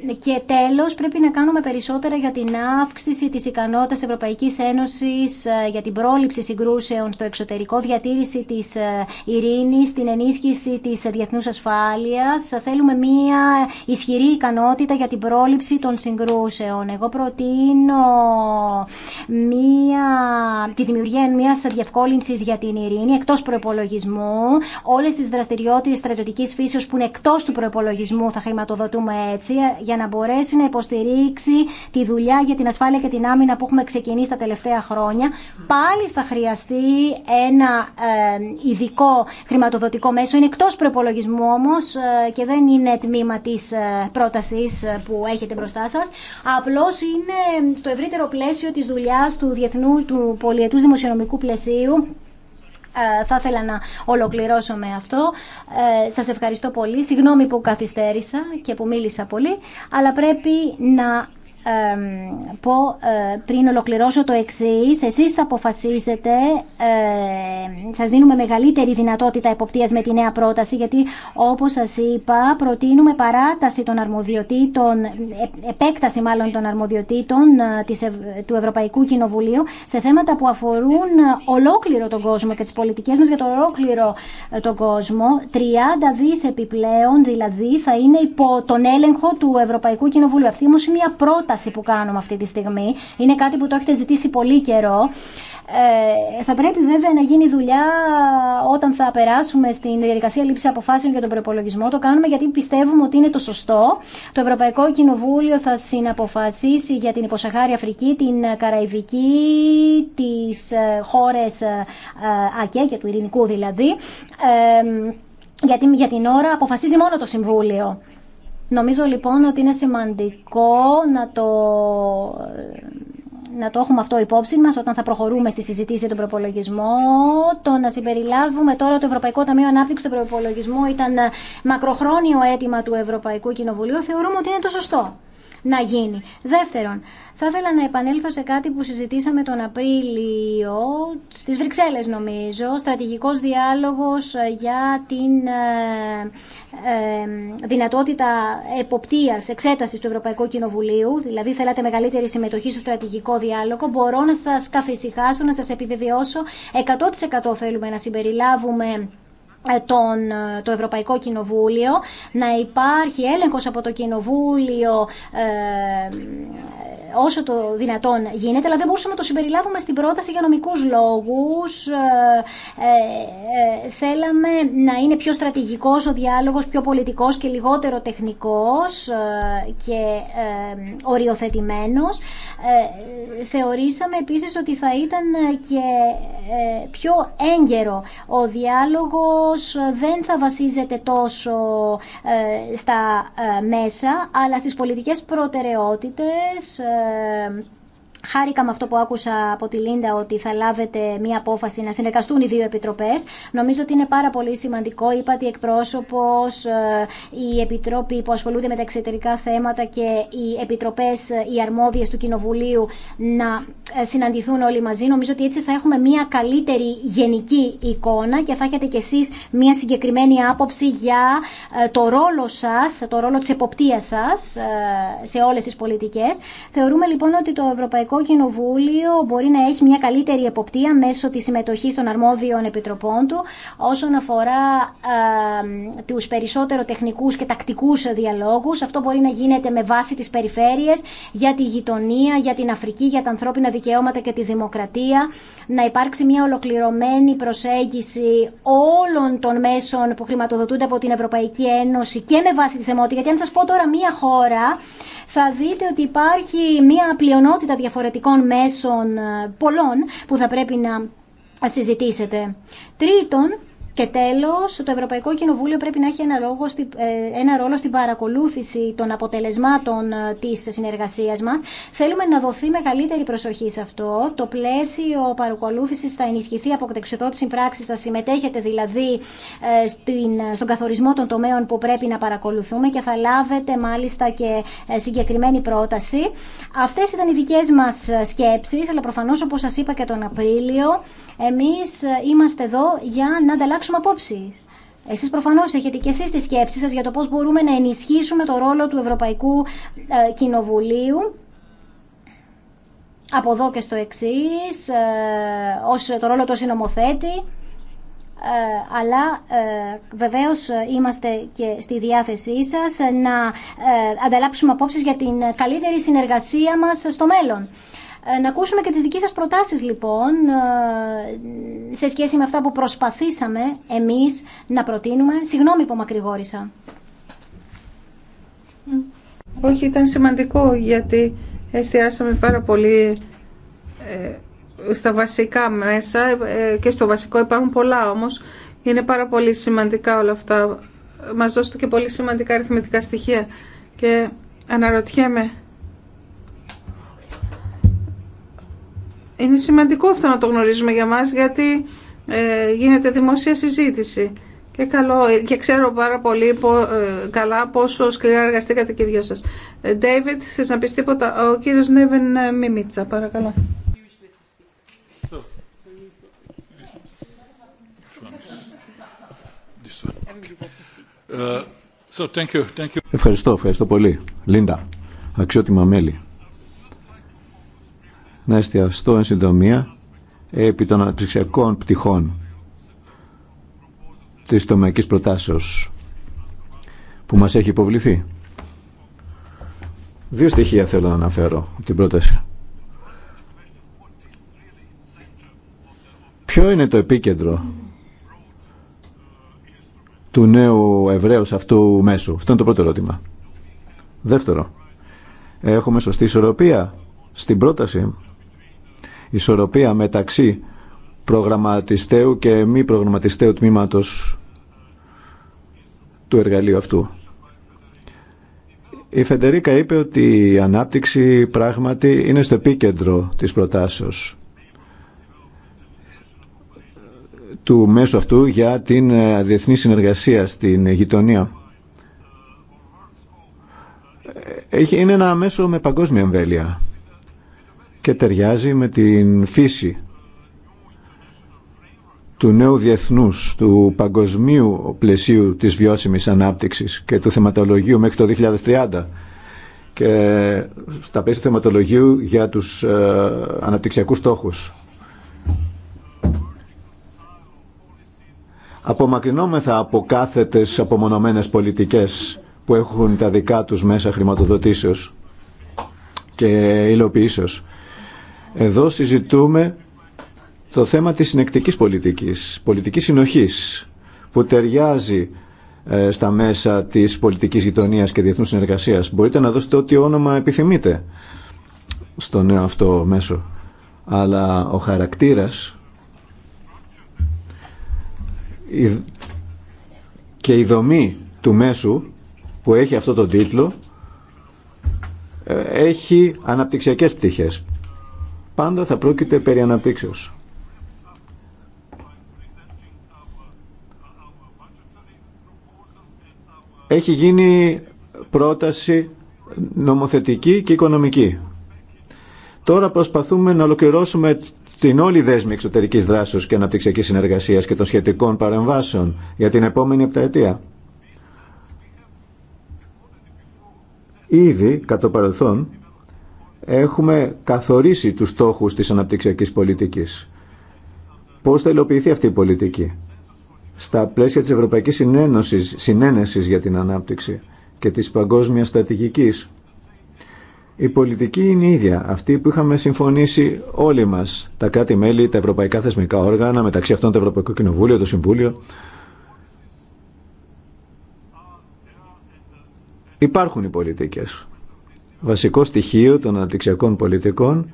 και τέλος πρέπει να κάνουμε περισσότερα για την αύξηση της ικανότητας Ευρωπαϊκής Ένωσης ε, για την πρόληψη συγκρούσεων στο εξωτερικό, διατήρηση της ε, ειρήνης, την ενίσχυση της διεθνούς ασφάλειας. Θέλουμε μία ισχυρή ικανότητα για την πρόληψη των συγκρούσεων. Εγώ προτείνω μία, τη δημιουργία μια διευκολυνση για την ειρήνη εκτό προπολογισμού. Όλες τις δραστηριότητες στρατιωτικής φύσεως που είναι εκτός του προπολογισμού θα χρηματοδοτούμε έτσι ε, για να μπορέσει να υποστηρίξει τη δουλειά για την ασφάλεια και την άμυνα που έχουμε ξεκινήσει τα τελευταία χρόνια. Πάλι θα χρειαστεί ένα ειδικό χρηματοδοτικό μέσο. Είναι εκτός προπολογισμού όμως ε, και δεν είναι τμήμα της ε, πρότασης ε, που έχετε μπροστά σα. Απλώς είναι στο ευρύτερο πλαίσιο της δουλειάς του, διεθνού, του πολιετού δημοσιονομικού πλαισίου ε, θα ήθελα να ολοκληρώσω με αυτό. Ε, σας ευχαριστώ πολύ. Συγγνώμη που καθυστέρησα και που μίλησα πολύ, αλλά πρέπει να πω ε, πριν ολοκληρώσω το εξή. Εσείς θα αποφασίσετε, ε, σας δίνουμε μεγαλύτερη δυνατότητα εποπτείας με τη νέα πρόταση, γιατί όπως σας είπα προτείνουμε παράταση των αρμοδιοτήτων, ε, επέκταση μάλλον των αρμοδιοτήτων ε, της, του Ευρωπαϊκού Κοινοβουλίου σε θέματα που αφορούν ολόκληρο τον κόσμο και τις πολιτικές μας για τον ολόκληρο τον κόσμο. 30 δις επιπλέον δηλαδή θα είναι υπό τον έλεγχο του Ευρωπαϊκού Κοινοβουλίου. Αυτή όμως μια πρόταση πρόταση που κάνουμε αυτή τη στιγμή. Είναι κάτι που το έχετε ζητήσει πολύ καιρό. Ε, θα πρέπει βέβαια να γίνει δουλειά όταν θα περάσουμε στην διαδικασία λήψη αποφάσεων για τον προπολογισμό. Το κάνουμε γιατί πιστεύουμε ότι είναι το σωστό. Το Ευρωπαϊκό Κοινοβούλιο θα συναποφασίσει για την Υποσαχάρη Αφρική, την Καραϊβική, τι ε, χώρε ε, ε, ΑΚΕ και του Ειρηνικού δηλαδή. Ε, γιατί για την ώρα αποφασίζει μόνο το Συμβούλιο. Νομίζω λοιπόν ότι είναι σημαντικό να το, να το έχουμε αυτό υπόψη μας όταν θα προχωρούμε στη συζήτηση για τον προπολογισμό. Το να συμπεριλάβουμε τώρα το Ευρωπαϊκό Ταμείο Ανάπτυξη στον προπολογισμό ήταν μακροχρόνιο αίτημα του Ευρωπαϊκού Κοινοβουλίου. Θεωρούμε ότι είναι το σωστό να γίνει. Δεύτερον, θα ήθελα να επανέλθω σε κάτι που συζητήσαμε τον Απρίλιο στις Βρυξέλλες νομίζω, στρατηγικός διάλογος ε, για την ε, ε, δυνατότητα εποπτείας, εξέτασης του Ευρωπαϊκού Κοινοβουλίου, δηλαδή θέλατε μεγαλύτερη συμμετοχή στο στρατηγικό διάλογο, μπορώ να σας καθησυχάσω, να σας επιβεβαιώσω, 100% θέλουμε να συμπεριλάβουμε ε, τον, ε, το Ευρωπαϊκό Κοινοβούλιο, να υπάρχει έλεγχος από το Κοινοβούλιο ε, όσο το δυνατόν γίνεται, αλλά δεν μπορούσαμε να το συμπεριλάβουμε στην πρόταση για νομικού λόγους. Ε, ε, ε, θέλαμε να είναι πιο στρατηγικός ο διάλογος, πιο πολιτικός και λιγότερο τεχνικός και οριοθετημένος. Θεωρήσαμε επίσης ότι θα ήταν και πιο έγκαιρο. Ο διάλογος δεν θα βασίζεται τόσο στα μέσα, αλλά στις πολιτικές προτεραιότητες εμ Χάρηκα με αυτό που άκουσα από τη Λίντα ότι θα λάβετε μία απόφαση να συνεργαστούν οι δύο επιτροπέ. Νομίζω ότι είναι πάρα πολύ σημαντικό. Είπατε εκπρόσωπο, ε, οι επιτρόποι που ασχολούνται με τα εξωτερικά θέματα και οι επιτροπέ, ε, οι αρμόδιε του Κοινοβουλίου να ε, συναντηθούν όλοι μαζί. Νομίζω ότι έτσι θα έχουμε μία καλύτερη γενική εικόνα και θα έχετε κι εσεί μία συγκεκριμένη άποψη για το ρόλο σα, το ρόλο τη εποπτεία σα σε όλε τι πολιτικέ. Θεωρούμε λοιπόν ότι το Ευρωπαϊκό Ευρωπαϊκό Κοινοβούλιο μπορεί να έχει μια καλύτερη εποπτεία μέσω της συμμετοχής των αρμόδιων επιτροπών του όσον αφορά του ε, τους περισσότερο τεχνικούς και τακτικούς διαλόγους. Αυτό μπορεί να γίνεται με βάση τις περιφέρειες για τη γειτονία, για την Αφρική, για τα ανθρώπινα δικαιώματα και τη δημοκρατία. Να υπάρξει μια ολοκληρωμένη προσέγγιση όλων των μέσων που χρηματοδοτούνται από την Ευρωπαϊκή Ένωση και με βάση τη θεμότητα. Γιατί αν σας πω τώρα μια χώρα θα δείτε ότι υπάρχει μια πλειονότητα διαφορετικών μέσων ε, πολλών που θα πρέπει να συζητήσετε. Τρίτον, και τέλο, το Ευρωπαϊκό Κοινοβούλιο πρέπει να έχει ένα ε, ρόλο στην παρακολούθηση των αποτελεσμάτων ε, τη συνεργασία μα. Θέλουμε να δοθεί μεγαλύτερη προσοχή σε αυτό. Το πλαίσιο παρακολούθηση θα ενισχυθεί από κατεξοδότηση πράξη, θα συμμετέχετε δηλαδή ε, στον καθορισμό των τομέων που πρέπει να παρακολουθούμε και θα λάβετε μάλιστα και συγκεκριμένη πρόταση. Αυτέ ήταν οι δικέ μα σκέψει, αλλά προφανώ όπω σα είπα και τον Απρίλιο, εμεί είμαστε εδώ για να ανταλλάξουμε αλλάξουμε απόψει. Εσεί προφανώ έχετε και εσεί τι σκέψει σα για το πώ μπορούμε να ενισχύσουμε το ρόλο του Ευρωπαϊκού ε, Κοινοβουλίου από εδώ και στο εξή, ε, ως το ρόλο του συνομοθέτη. Ε, αλλά ε, βεβαίως είμαστε και στη διάθεσή σας να ε, ανταλλάψουμε απόψεις για την καλύτερη συνεργασία μας στο μέλλον. Ε, να ακούσουμε και τις δικές σας προτάσεις λοιπόν ε, σε σχέση με αυτά που προσπαθήσαμε εμείς να προτείνουμε. Συγγνώμη που μακρηγόρησα. Όχι, ήταν σημαντικό γιατί εστιάσαμε πάρα πολύ ε, στα βασικά μέσα και στο βασικό υπάρχουν πολλά όμως. Είναι πάρα πολύ σημαντικά όλα αυτά. Μας δώσετε και πολύ σημαντικά αριθμητικά στοιχεία και αναρωτιέμαι Είναι σημαντικό αυτό να το γνωρίζουμε για μας γιατί ε, γίνεται δημόσια συζήτηση. Και, καλό, ε, και ξέρω πάρα πολύ πο, ε, καλά πόσο σκληρά εργαστήκατε και οι δυο σας. Ντέιβιτ, θες να πεις τίποτα. Ο κύριος Νέβεν Μιμίτσα, παρακαλώ. Ευχαριστώ, ευχαριστώ πολύ. Λίντα, αξιότιμα μέλη να εστιαστώ εν συντομία επί των αναπτυξιακών πτυχών της τομεακής προτάσεως που μας έχει υποβληθεί. Δύο στοιχεία θέλω να αναφέρω από την πρόταση. Ποιο είναι το επίκεντρο του νέου Εβραίου αυτού μέσου. Αυτό είναι το πρώτο ερώτημα. Δεύτερο, έχουμε σωστή ισορροπία στην πρόταση ισορροπία μεταξύ προγραμματιστέου και μη προγραμματιστέου τμήματος του εργαλείου αυτού. Η Φεντερίκα είπε ότι η ανάπτυξη πράγματι είναι στο επίκεντρο της προτάσεως του μέσου αυτού για την ε, διεθνή συνεργασία στην γειτονία. Ε, είναι ένα μέσο με παγκόσμια εμβέλεια και ταιριάζει με την φύση του νέου διεθνούς, του παγκοσμίου πλαισίου της βιώσιμης ανάπτυξης και του θεματολογίου μέχρι το 2030 και στα πλαίσια του θεματολογίου για τους ε, αναπτυξιακούς στόχους. Απομακρυνόμεθα από κάθετες απομονωμένες πολιτικές που έχουν τα δικά τους μέσα χρηματοδοτήσεως και υλοποιήσεως. Εδώ συζητούμε το θέμα της συνεκτικής πολιτικής, πολιτικής συνοχής, που ταιριάζει ε, στα μέσα της πολιτικής γειτονίας και διεθνούς συνεργασίας. Μπορείτε να δώσετε ό,τι όνομα επιθυμείτε στο νέο αυτό μέσο. Αλλά ο χαρακτήρας και η δομή του μέσου που έχει αυτό το τίτλο ε, έχει αναπτυξιακές πτυχές πάντα θα πρόκειται περί αναπτύξεως. Έχει γίνει πρόταση νομοθετική και οικονομική. Τώρα προσπαθούμε να ολοκληρώσουμε την όλη δέσμη εξωτερικής δράσης και αναπτυξιακής συνεργασίας και των σχετικών παρεμβάσεων για την επόμενη επταετία. Ήδη, κατά το παρελθόν, έχουμε καθορίσει τους στόχους της αναπτυξιακής πολιτικής. Πώς θα υλοποιηθεί αυτή η πολιτική στα πλαίσια της Ευρωπαϊκής Συνένωσης, Συνένεσης για την Ανάπτυξη και της Παγκόσμιας Στρατηγικής. Η πολιτική είναι η ίδια, αυτή που είχαμε συμφωνήσει όλοι μας, τα κράτη-μέλη, τα ευρωπαϊκά θεσμικά όργανα, μεταξύ αυτών το Ευρωπαϊκό Κοινοβούλιο, το Συμβούλιο. Υπάρχουν οι πολιτικές βασικό στοιχείο των αναπτυξιακών πολιτικών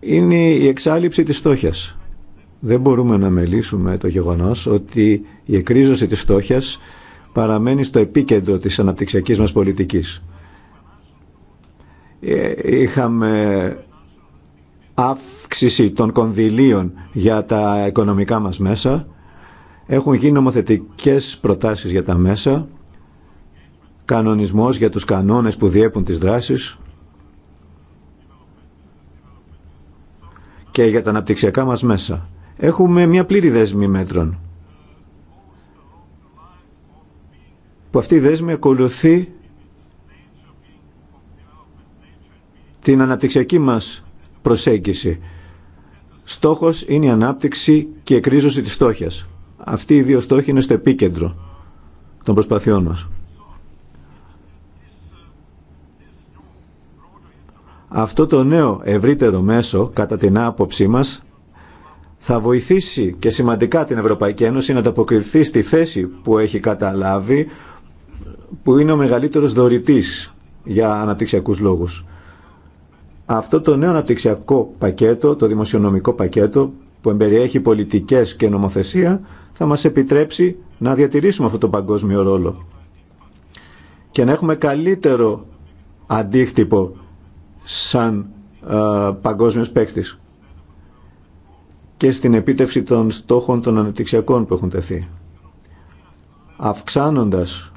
είναι η εξάλληψη της φτώχειας. Δεν μπορούμε να μελήσουμε το γεγονός ότι η εκρίζωση της φτώχειας παραμένει στο επίκεντρο της αναπτυξιακής μας πολιτικής. Ε, είχαμε αύξηση των κονδυλίων για τα οικονομικά μας μέσα. Έχουν γίνει νομοθετικές προτάσεις για τα μέσα κανονισμός για τους κανόνες που διέπουν τις δράσεις και για τα αναπτυξιακά μας μέσα. Έχουμε μια πλήρη δέσμη μέτρων που αυτή η δέσμη ακολουθεί την αναπτυξιακή μας προσέγγιση. Στόχος είναι η ανάπτυξη και η εκρίζωση της φτώχειας. Αυτοί οι δύο στόχοι είναι στο επίκεντρο των προσπαθειών μας. Αυτό το νέο ευρύτερο μέσο, κατά την άποψή μας, θα βοηθήσει και σημαντικά την Ευρωπαϊκή Ένωση να ανταποκριθεί στη θέση που έχει καταλάβει που είναι ο μεγαλύτερος δωρητής για αναπτυξιακούς λόγους. Αυτό το νέο αναπτυξιακό πακέτο, το δημοσιονομικό πακέτο που εμπεριέχει πολιτικές και νομοθεσία θα μας επιτρέψει να διατηρήσουμε αυτό το παγκόσμιο ρόλο και να έχουμε καλύτερο αντίκτυπο σαν ε, παγκόσμιος παίκτη και στην επίτευξη των στόχων των αναπτυξιακών που έχουν τεθεί. Αυξάνοντας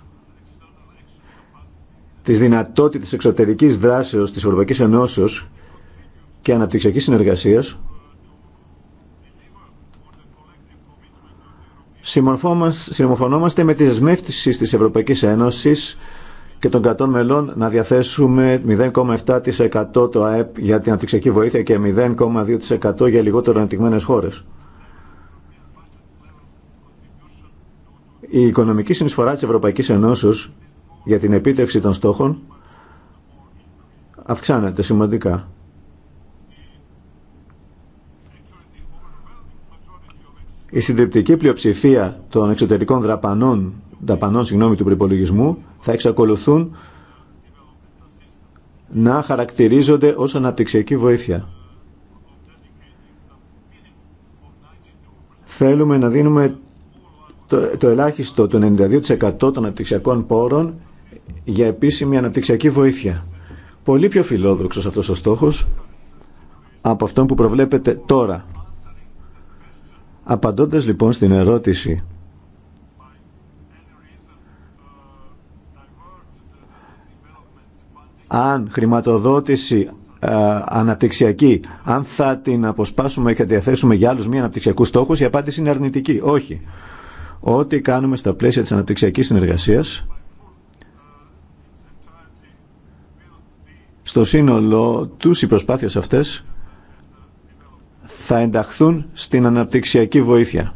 τις δυνατότητες εξωτερικής δράσεως της Ευρωπαϊκής Ενώσεως και αναπτυξιακής συνεργασίας, συμμορφωνόμαστε με τις δεσμεύσεις της Ευρωπαϊκής Ένωσης και των 100 μελών να διαθέσουμε 0,7% το ΑΕΠ για την Απτυξιακή βοήθεια και 0,2% για λιγότερο αναπτυγμένες χώρες. Η οικονομική συνεισφορά της Ευρωπαϊκής Ενώσεω για την επίτευξη των στόχων αυξάνεται σημαντικά. Η συντριπτική πλειοψηφία των εξωτερικών δραπανών δαπανών συγγνώμη, του προπολογισμού θα εξακολουθούν να χαρακτηρίζονται ως αναπτυξιακή βοήθεια. Θέλουμε να δίνουμε το, το ελάχιστο το 92% των αναπτυξιακών πόρων για επίσημη αναπτυξιακή βοήθεια. Πολύ πιο φιλόδοξος αυτός ο στόχος από αυτόν που προβλέπετε τώρα. Απαντώντας λοιπόν στην ερώτηση αν χρηματοδότηση ε, αναπτυξιακή, αν θα την αποσπάσουμε και θα διαθέσουμε για άλλους μη αναπτυξιακούς στόχους, η απάντηση είναι αρνητική. Όχι. Ό,τι κάνουμε στα πλαίσια της αναπτυξιακής συνεργασίας, στο σύνολο τους οι προσπάθειες αυτές θα ενταχθούν στην αναπτυξιακή βοήθεια.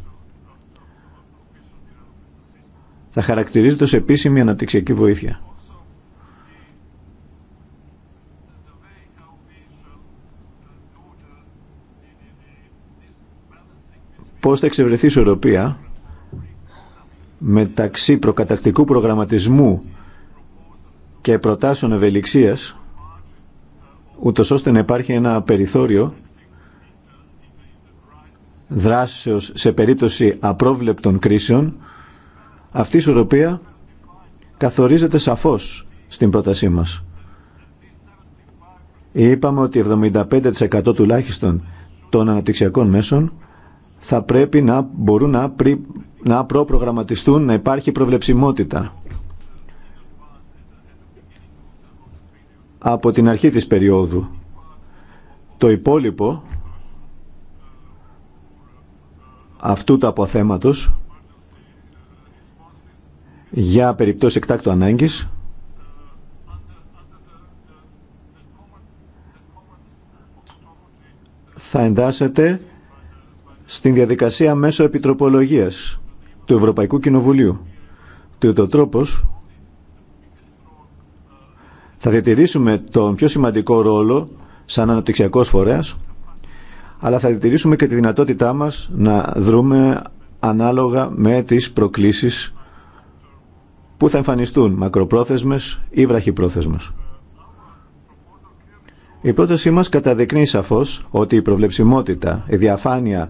Θα χαρακτηρίζεται ως επίσημη αναπτυξιακή βοήθεια. πώς θα εξευρεθεί ισορροπία μεταξύ προκατακτικού προγραμματισμού και προτάσεων ευελιξίας ούτω ώστε να υπάρχει ένα περιθώριο δράσεως σε περίπτωση απρόβλεπτων κρίσεων αυτή η ισορροπία καθορίζεται σαφώς στην πρότασή μας. Είπαμε ότι 75% τουλάχιστον των αναπτυξιακών μέσων θα πρέπει να μπορούν να, πρι, να προπρογραμματιστούν, να υπάρχει προβλεψιμότητα. Από την αρχή της περίοδου. Το υπόλοιπο αυτού του αποθέματος για περιπτώσεις εκτάκτου ανάγκης θα εντάσσεται στην διαδικασία μέσω επιτροπολογίας του Ευρωπαϊκού Κοινοβουλίου. Του ο τρόπος θα διατηρήσουμε τον πιο σημαντικό ρόλο σαν αναπτυξιακός φορέας, αλλά θα διατηρήσουμε και τη δυνατότητά μας να δρούμε ανάλογα με τις προκλήσεις που θα εμφανιστούν μακροπρόθεσμες ή βραχυπρόθεσμες. Η πρότασή μας καταδεικνύει σαφώς ότι η προβλεψιμότητα, η διαφάνεια,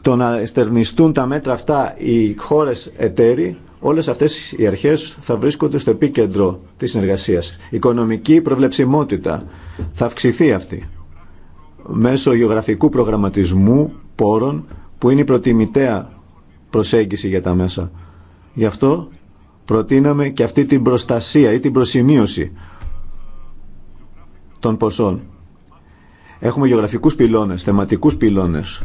το να εστερνιστούν τα μέτρα αυτά οι χώρες εταίροι, όλες αυτές οι αρχές θα βρίσκονται στο επίκεντρο της συνεργασίας. Οικονομική προβλεψιμότητα θα αυξηθεί αυτή μέσω γεωγραφικού προγραμματισμού πόρων που είναι η προτιμητέα προσέγγιση για τα μέσα. Γι' αυτό προτείναμε και αυτή την προστασία ή την προσημείωση των ποσών. Έχουμε γεωγραφικούς πυλώνες, θεματικούς πυλώνες.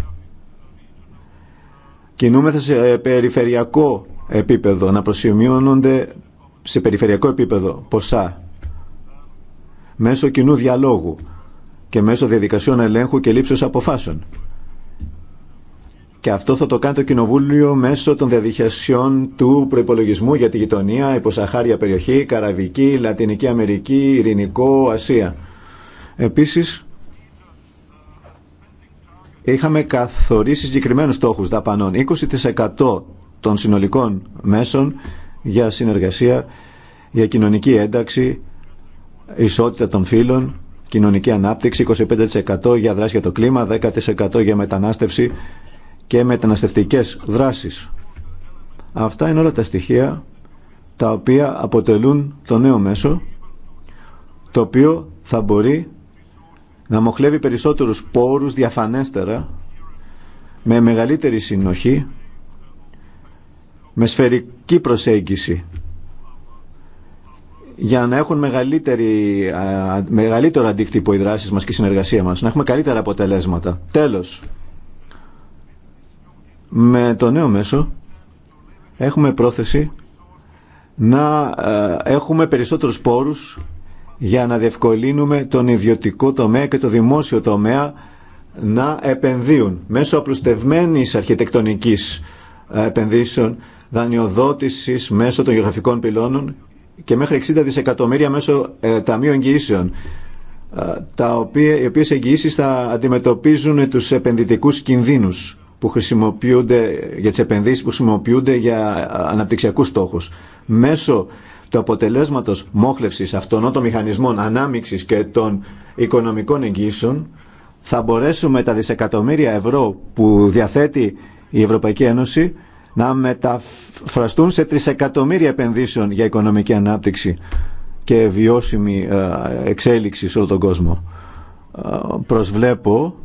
Κινούμεθα σε ε, περιφερειακό επίπεδο, να προσημειώνονται σε περιφερειακό επίπεδο ποσά μέσω κοινού διαλόγου και μέσω διαδικασιών ελέγχου και λήψεως αποφάσεων. Και αυτό θα το κάνει το Κοινοβούλιο μέσω των διαδικασιών του προπολογισμού για τη γειτονία, υποσαχάρια περιοχή, Καραβική, Λατινική Αμερική, Ειρηνικό, Ασία. Επίσης, είχαμε καθορίσει συγκεκριμένους στόχους δαπανών. 20% των συνολικών μέσων για συνεργασία, για κοινωνική ένταξη, ισότητα των φύλων, κοινωνική ανάπτυξη, 25% για δράση για το κλίμα, 10% για μετανάστευση και μεταναστευτικές δράσεις. Αυτά είναι όλα τα στοιχεία τα οποία αποτελούν το νέο μέσο το οποίο θα μπορεί να μοχλεύει περισσότερους πόρους διαφανέστερα, με μεγαλύτερη συνοχή, με σφαιρική προσέγγιση, για να έχουν μεγαλύτερη, μεγαλύτερο αντίκτυπο οι δράσεις μας και η συνεργασία μας, να έχουμε καλύτερα αποτελέσματα. Τέλος, με το νέο μέσο έχουμε πρόθεση να έχουμε περισσότερους πόρους για να διευκολύνουμε τον ιδιωτικό τομέα και το δημόσιο τομέα να επενδύουν μέσω απλουστευμένης αρχιτεκτονικής ε, επενδύσεων, δανειοδότησης μέσω των γεωγραφικών πυλώνων και μέχρι 60 δισεκατομμύρια μέσω ε, ταμείου εγγυήσεων ε, τα οποία, οι οποίες εγγυήσεις θα αντιμετωπίζουν τους επενδυτικούς κινδύνους που χρησιμοποιούνται για τις επενδύσεις που χρησιμοποιούνται για ε, αναπτυξιακούς στόχους. Μέσω του αποτελέσματος μόχλευσης αυτών των μηχανισμών ανάμειξης και των οικονομικών εγγύσεων θα μπορέσουμε τα δισεκατομμύρια ευρώ που διαθέτει η Ευρωπαϊκή Ένωση να μεταφραστούν σε τρισεκατομμύρια επενδύσεων για οικονομική ανάπτυξη και βιώσιμη ε, εξέλιξη σε όλο τον κόσμο. Ε, προσβλέπω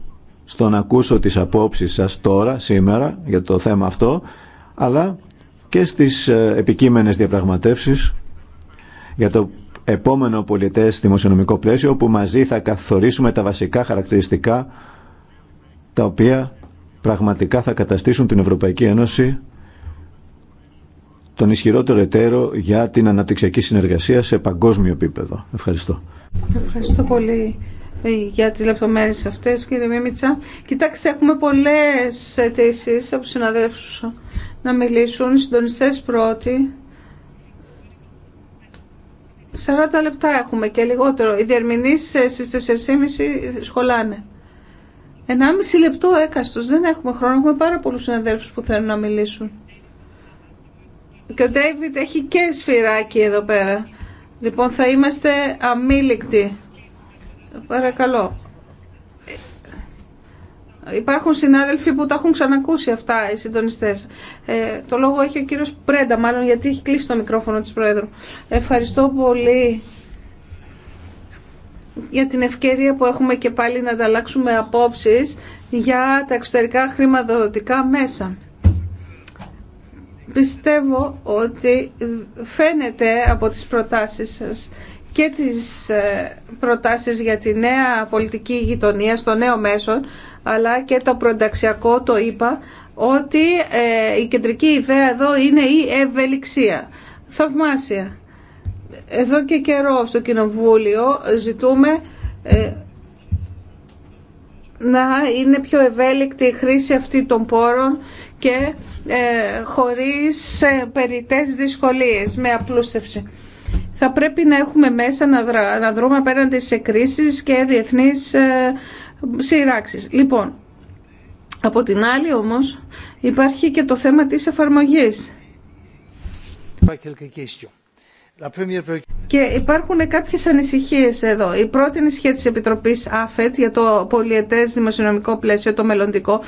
στο να ακούσω τις απόψεις σας τώρα, σήμερα, για το θέμα αυτό, αλλά και στις ε, επικείμενες διαπραγματεύσεις για το επόμενο πολιτές δημοσιονομικό πλαίσιο που μαζί θα καθορίσουμε τα βασικά χαρακτηριστικά τα οποία πραγματικά θα καταστήσουν την Ευρωπαϊκή Ένωση τον ισχυρότερο εταίρο για την αναπτυξιακή συνεργασία σε παγκόσμιο επίπεδο. Ευχαριστώ. Ευχαριστώ πολύ ε, για τις λεπτομέρειες αυτές κύριε Μίμητσα. Κοιτάξτε έχουμε πολλές αιτήσει από συναδέλφους να μιλήσουν. συντονιστές πρώτοι. 40 λεπτά έχουμε και λιγότερο. Οι διερμηνείς ε, στις 4.30 σχολάνε. 1,5 λεπτό έκαστος. Δεν έχουμε χρόνο. Έχουμε πάρα πολλούς συναδέλφους που θέλουν να μιλήσουν. Και ο Ντέιβιτ έχει και σφυράκι εδώ πέρα. Λοιπόν, θα είμαστε αμήλικτοι. Παρακαλώ. Υπάρχουν συνάδελφοι που τα έχουν ξανακούσει αυτά οι συντονιστέ. Ε, το λόγο έχει ο κύριο Πρέντα, μάλλον γιατί έχει κλείσει το μικρόφωνο τη Πρόεδρου. Ευχαριστώ πολύ για την ευκαιρία που έχουμε και πάλι να ανταλλάξουμε απόψει για τα εξωτερικά χρηματοδοτικά μέσα. Πιστεύω ότι φαίνεται από τις προτάσεις σας και τις ε, προτάσεις για τη νέα πολιτική γειτονία στο νέο μέσο, αλλά και το προενταξιακό το είπα, ότι ε, η κεντρική ιδέα εδώ είναι η ευελιξία. Θαυμάσια. Εδώ και καιρό στο Κοινοβούλιο ζητούμε ε, να είναι πιο ευέλικτη η χρήση αυτή των πόρων και χωρίς περιττές δυσκολίες με απλούστευση θα πρέπει να έχουμε μέσα να, δρα, να δρούμε απέναντι σε κρίσεις και διεθνείς ε, σειράξεις. Λοιπόν, από την άλλη όμως υπάρχει και το θέμα της εφαρμογής. Και υπάρχουν κάποιες ανησυχίες εδώ. Η πρώτη ανησυχία της Επιτροπής ΑΦΕΤ για το πολιετές δημοσιονομικό πλαίσιο, το μελλοντικό,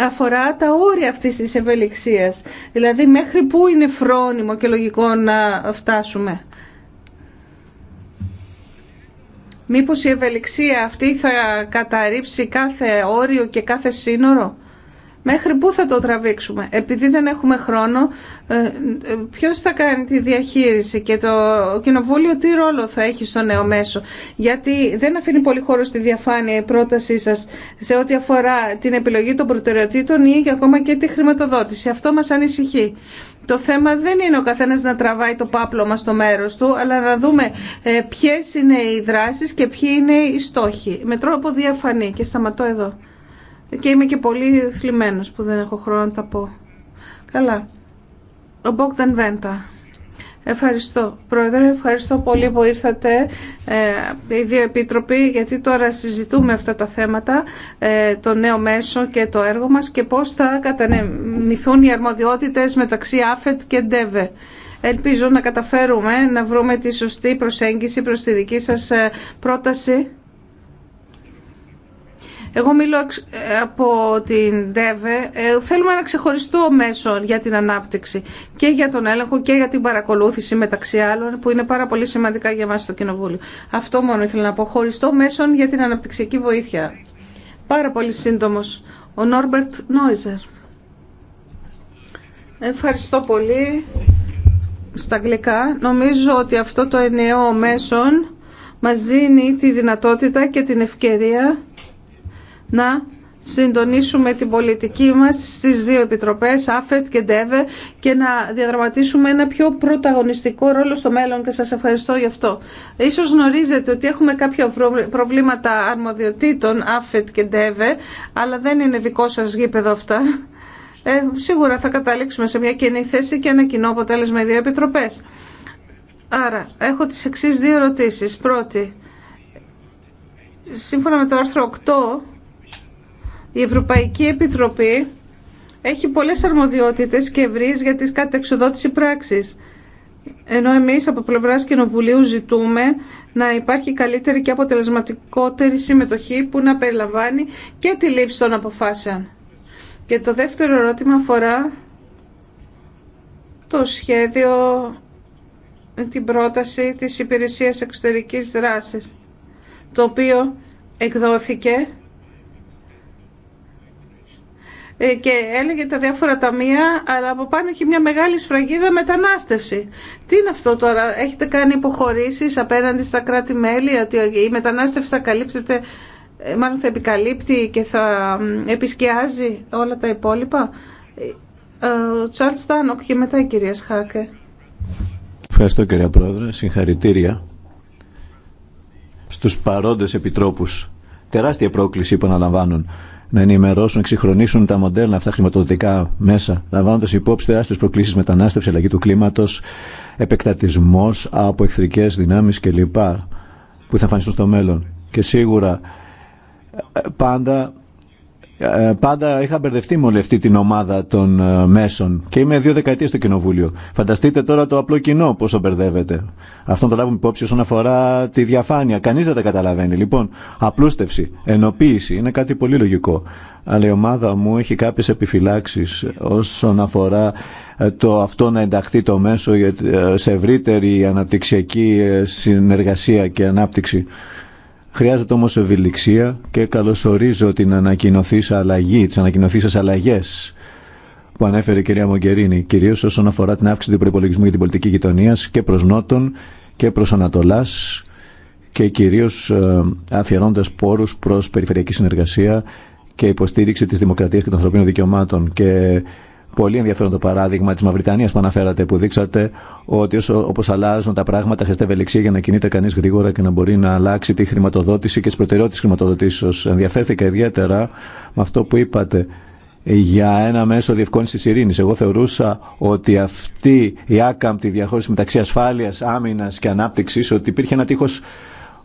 αφορά τα όρια αυτής της ευελιξίας. Δηλαδή μέχρι πού είναι φρόνιμο και λογικό να φτάσουμε. Μήπως η ευελιξία αυτή θα καταρρύψει κάθε όριο και κάθε σύνορο. Μέχρι πού θα το τραβήξουμε. Επειδή δεν έχουμε χρόνο, ε, ε, ποιος θα κάνει τη διαχείριση και το κοινοβούλιο τι ρόλο θα έχει στο νέο μέσο. Γιατί δεν αφήνει πολύ χώρο στη διαφάνεια η πρότασή σας σε ό,τι αφορά την επιλογή των προτεραιοτήτων ή ακόμα και τη χρηματοδότηση. Αυτό μας ανησυχεί. Το θέμα δεν είναι ο καθένας να τραβάει το πάπλο πάπλωμα στο μέρος του, αλλά να δούμε ε, ποιες είναι οι δράσεις και ποιοι είναι οι στόχοι. Με τρόπο διαφανή και σταματώ εδώ. Και είμαι και πολύ θλιμμένος που δεν έχω χρόνο να τα πω. Καλά. Ο Μπόγκταν Βέντα. Ευχαριστώ. Πρόεδρε, ευχαριστώ πολύ που ήρθατε ε, οι δύο επίτροποι γιατί τώρα συζητούμε αυτά τα θέματα, ε, το νέο μέσο και το έργο μας και πώς θα κατανεμηθούν οι αρμοδιότητες μεταξύ ΑΦΕΤ και ΝΤΕΒΕ. Ελπίζω να καταφέρουμε να βρούμε τη σωστή προσέγγιση προς τη δική σας ε, πρόταση εγώ μιλώ από την ΔΕΒΕ. Ε, θέλουμε ένα ξεχωριστό μέσο για την ανάπτυξη και για τον έλεγχο και για την παρακολούθηση μεταξύ άλλων που είναι πάρα πολύ σημαντικά για εμάς στο Κοινοβούλιο. Αυτό μόνο ήθελα να πω. Χωριστό μέσο για την αναπτυξιακή βοήθεια. Πάρα πολύ σύντομος. Ο Νόρμπερτ Νόιζερ. Ευχαριστώ πολύ. Στα αγγλικά νομίζω ότι αυτό το ενιαίο μέσον μας δίνει τη δυνατότητα και την ευκαιρία να συντονίσουμε την πολιτική μας στις δύο επιτροπές, ΑΦΕΤ και ΝΤΕΒΕ, και να διαδραματίσουμε ένα πιο πρωταγωνιστικό ρόλο στο μέλλον και σας ευχαριστώ γι' αυτό. Ίσως γνωρίζετε ότι έχουμε κάποια προβλήματα αρμοδιοτήτων, ΑΦΕΤ και ΝΤΕΒΕ, αλλά δεν είναι δικό σας γήπεδο αυτά. Ε, σίγουρα θα καταλήξουμε σε μια κοινή θέση και ένα κοινό αποτέλεσμα οι δύο επιτροπές. Άρα, έχω τις εξής δύο ερωτήσεις. Πρώτη, σύμφωνα με το άρθρο 8, η Ευρωπαϊκή Επιτροπή έχει πολλές αρμοδιότητες και ευρύς για τις κατεξοδότηση πράξης. Ενώ εμείς από πλευράς Κοινοβουλίου ζητούμε να υπάρχει καλύτερη και αποτελεσματικότερη συμμετοχή που να περιλαμβάνει και τη λήψη των αποφάσεων. Και το δεύτερο ερώτημα αφορά το σχέδιο, την πρόταση της Υπηρεσίας Εξωτερικής Δράσης, το οποίο εκδόθηκε ε, και έλεγε τα διάφορα ταμεία, αλλά από πάνω έχει μια μεγάλη σφραγίδα μετανάστευση. Τι είναι αυτό τώρα, έχετε κάνει υποχωρήσει απέναντι στα κράτη-μέλη, ότι η μετανάστευση θα καλύπτεται, ε, μάλλον θα επικαλύπτει και θα επισκιάζει όλα τα υπόλοιπα. Ε, ο Τσάρλς και μετά η κυρία Σχάκε. Ευχαριστώ κυρία Πρόεδρε, συγχαρητήρια στους παρόντες επιτρόπους. Τεράστια πρόκληση που αναλαμβάνουν να ενημερώσουν, εξυγχρονίσουν τα μοντέλα αυτά χρηματοδοτικά μέσα, λαμβάνοντα υπόψη τεράστιε προκλήσει μετανάστευση, αλλαγή του κλίματο, επεκτατισμό από εχθρικέ δυνάμει κλπ. που θα εμφανιστούν στο μέλλον. Και σίγουρα ε, πάντα ε, πάντα είχα μπερδευτεί με όλη αυτή την ομάδα των ε, μέσων και είμαι δύο δεκαετίε στο κοινοβούλιο. Φανταστείτε τώρα το απλό κοινό πόσο μπερδεύεται. Αυτό το λάβουμε υπόψη όσον αφορά τη διαφάνεια. Κανεί δεν τα καταλαβαίνει. Λοιπόν, απλούστευση, ενοποίηση είναι κάτι πολύ λογικό. Αλλά η ομάδα μου έχει κάποιε επιφυλάξει όσον αφορά ε, το αυτό να ενταχθεί το μέσο σε ευρύτερη αναπτυξιακή συνεργασία και ανάπτυξη. Χρειάζεται όμως ευηλιξία και καλωσορίζω την ανακοινωθήσα αλλαγή, τις σας αλλαγές που ανέφερε η κυρία Μογκερίνη, κυρίως όσον αφορά την αύξηση του προπολογισμού για την πολιτική γειτονία και προς Νότον και προς Ανατολάς και κυρίως ε, αφιερώντας πόρους προς περιφερειακή συνεργασία και υποστήριξη της δημοκρατίας και των ανθρωπίνων δικαιωμάτων και Πολύ ενδιαφέρον το παράδειγμα τη Μαυριτανία που αναφέρατε, που δείξατε ότι όπω αλλάζουν τα πράγματα, χρειάζεται ευελιξία για να κινείται κανεί γρήγορα και να μπορεί να αλλάξει τη χρηματοδότηση και τι προτεραιότητε χρηματοδοτήσεω. Ενδιαφέρθηκα ιδιαίτερα με αυτό που είπατε για ένα μέσο διευκόλυνση ειρήνη. Εγώ θεωρούσα ότι αυτή η άκαμπτη διαχώρηση μεταξύ ασφάλεια, άμυνα και ανάπτυξη, ότι υπήρχε ένα τείχο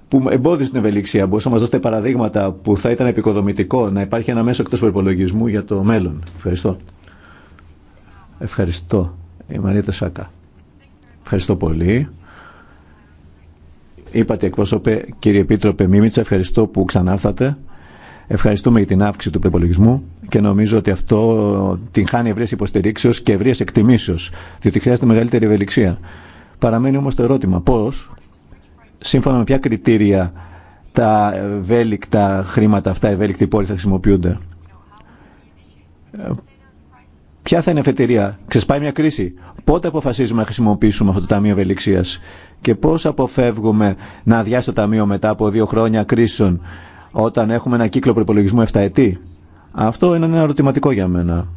που εμπόδισε την ευελιξία. Μπορούσα να μα δώσετε παραδείγματα που θα ήταν επικοδομητικό να υπάρχει ένα μέσο εκτό προπολογισμού για το μέλλον. Ευχαριστώ. Ευχαριστώ, η Μαρία Τεσάκα. Ευχαριστώ πολύ. Είπατε εκπρόσωπε, κύριε Επίτροπε Μίμητσα, ευχαριστώ που ξανάρθατε. Ευχαριστούμε για την αύξηση του προπολογισμού και νομίζω ότι αυτό την χάνει ευρεία υποστηρίξεω και ευρεία εκτιμήσεω, διότι χρειάζεται μεγαλύτερη ευελιξία. Παραμένει όμω το ερώτημα πώ, σύμφωνα με ποια κριτήρια τα ευέλικτα χρήματα αυτά, ευέλικτη πόλη θα χρησιμοποιούνται. Ποια θα είναι η εφετηρία, ξεσπάει μια κρίση. Πότε αποφασίζουμε να χρησιμοποιήσουμε αυτό το Ταμείο Ευελιξία και πώ αποφεύγουμε να αδειάσει το Ταμείο μετά από δύο χρόνια κρίσεων όταν έχουμε ένα κύκλο προπολογισμού 7 ετή. Αυτό είναι ένα ερωτηματικό για μένα.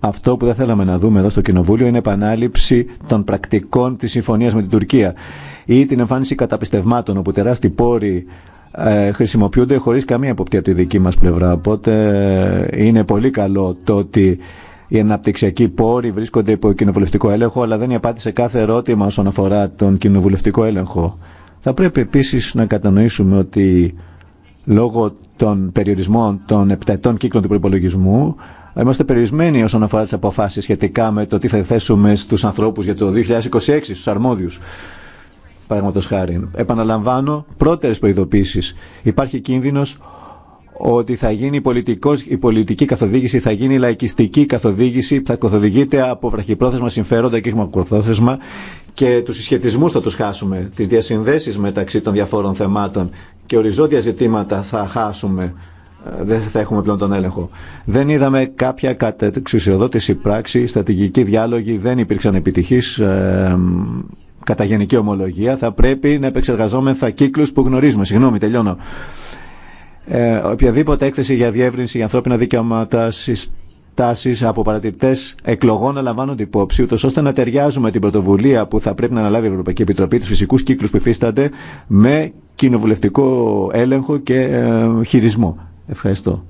Αυτό που δεν θέλαμε να δούμε εδώ στο Κοινοβούλιο είναι επανάληψη των πρακτικών τη συμφωνία με την Τουρκία ή την εμφάνιση καταπιστευμάτων όπου τεράστιοι πόροι ε, χρησιμοποιούνται χωρί καμία υποπτία από τη δική μα πλευρά. Οπότε ε, είναι πολύ καλό το ότι οι αναπτυξιακοί πόροι βρίσκονται υπό κοινοβουλευτικό έλεγχο, αλλά δεν απάντησε κάθε ερώτημα όσον αφορά τον κοινοβουλευτικό έλεγχο. Θα πρέπει επίση να κατανοήσουμε ότι λόγω των περιορισμών των επτατών κύκλων του προπολογισμού είμαστε περιορισμένοι όσον αφορά τι αποφάσει σχετικά με το τι θα θέσουμε στου ανθρώπου για το 2026, στους αρμόδιου, Παραδείγματο χάρη. Επαναλαμβάνω, πρώτερε προειδοποίησει. Υπάρχει κίνδυνο ότι θα γίνει πολιτικός, η πολιτική καθοδήγηση, θα γίνει η λαϊκιστική καθοδήγηση, θα καθοδηγείται από βραχυπρόθεσμα συμφέροντα και μακροπρόθεσμα και τους συσχετισμούς θα τους χάσουμε, τις διασυνδέσεις μεταξύ των διαφόρων θεμάτων και οριζόντια ζητήματα θα χάσουμε, ε, δεν θα έχουμε πλέον τον έλεγχο. Δεν είδαμε κάποια κατεξουσιοδότηση πράξη, στρατηγική διάλογη, δεν υπήρξαν επιτυχείς ε, κατά γενική ομολογία. Θα πρέπει να επεξεργαζόμεθα κύκλους που γνωρίζουμε. Συγγνώμη, τελειώνω ε, οποιαδήποτε έκθεση για διεύρυνση για ανθρώπινα δικαιώματα, συστάσεις από παρατηρητές εκλογών να λαμβάνονται υπόψη, ούτω ώστε να ταιριάζουμε την πρωτοβουλία που θα πρέπει να αναλάβει η Ευρωπαϊκή Επιτροπή, του φυσικού κύκλου που υφίστανται, με κοινοβουλευτικό έλεγχο και ε, χειρισμό. Ευχαριστώ.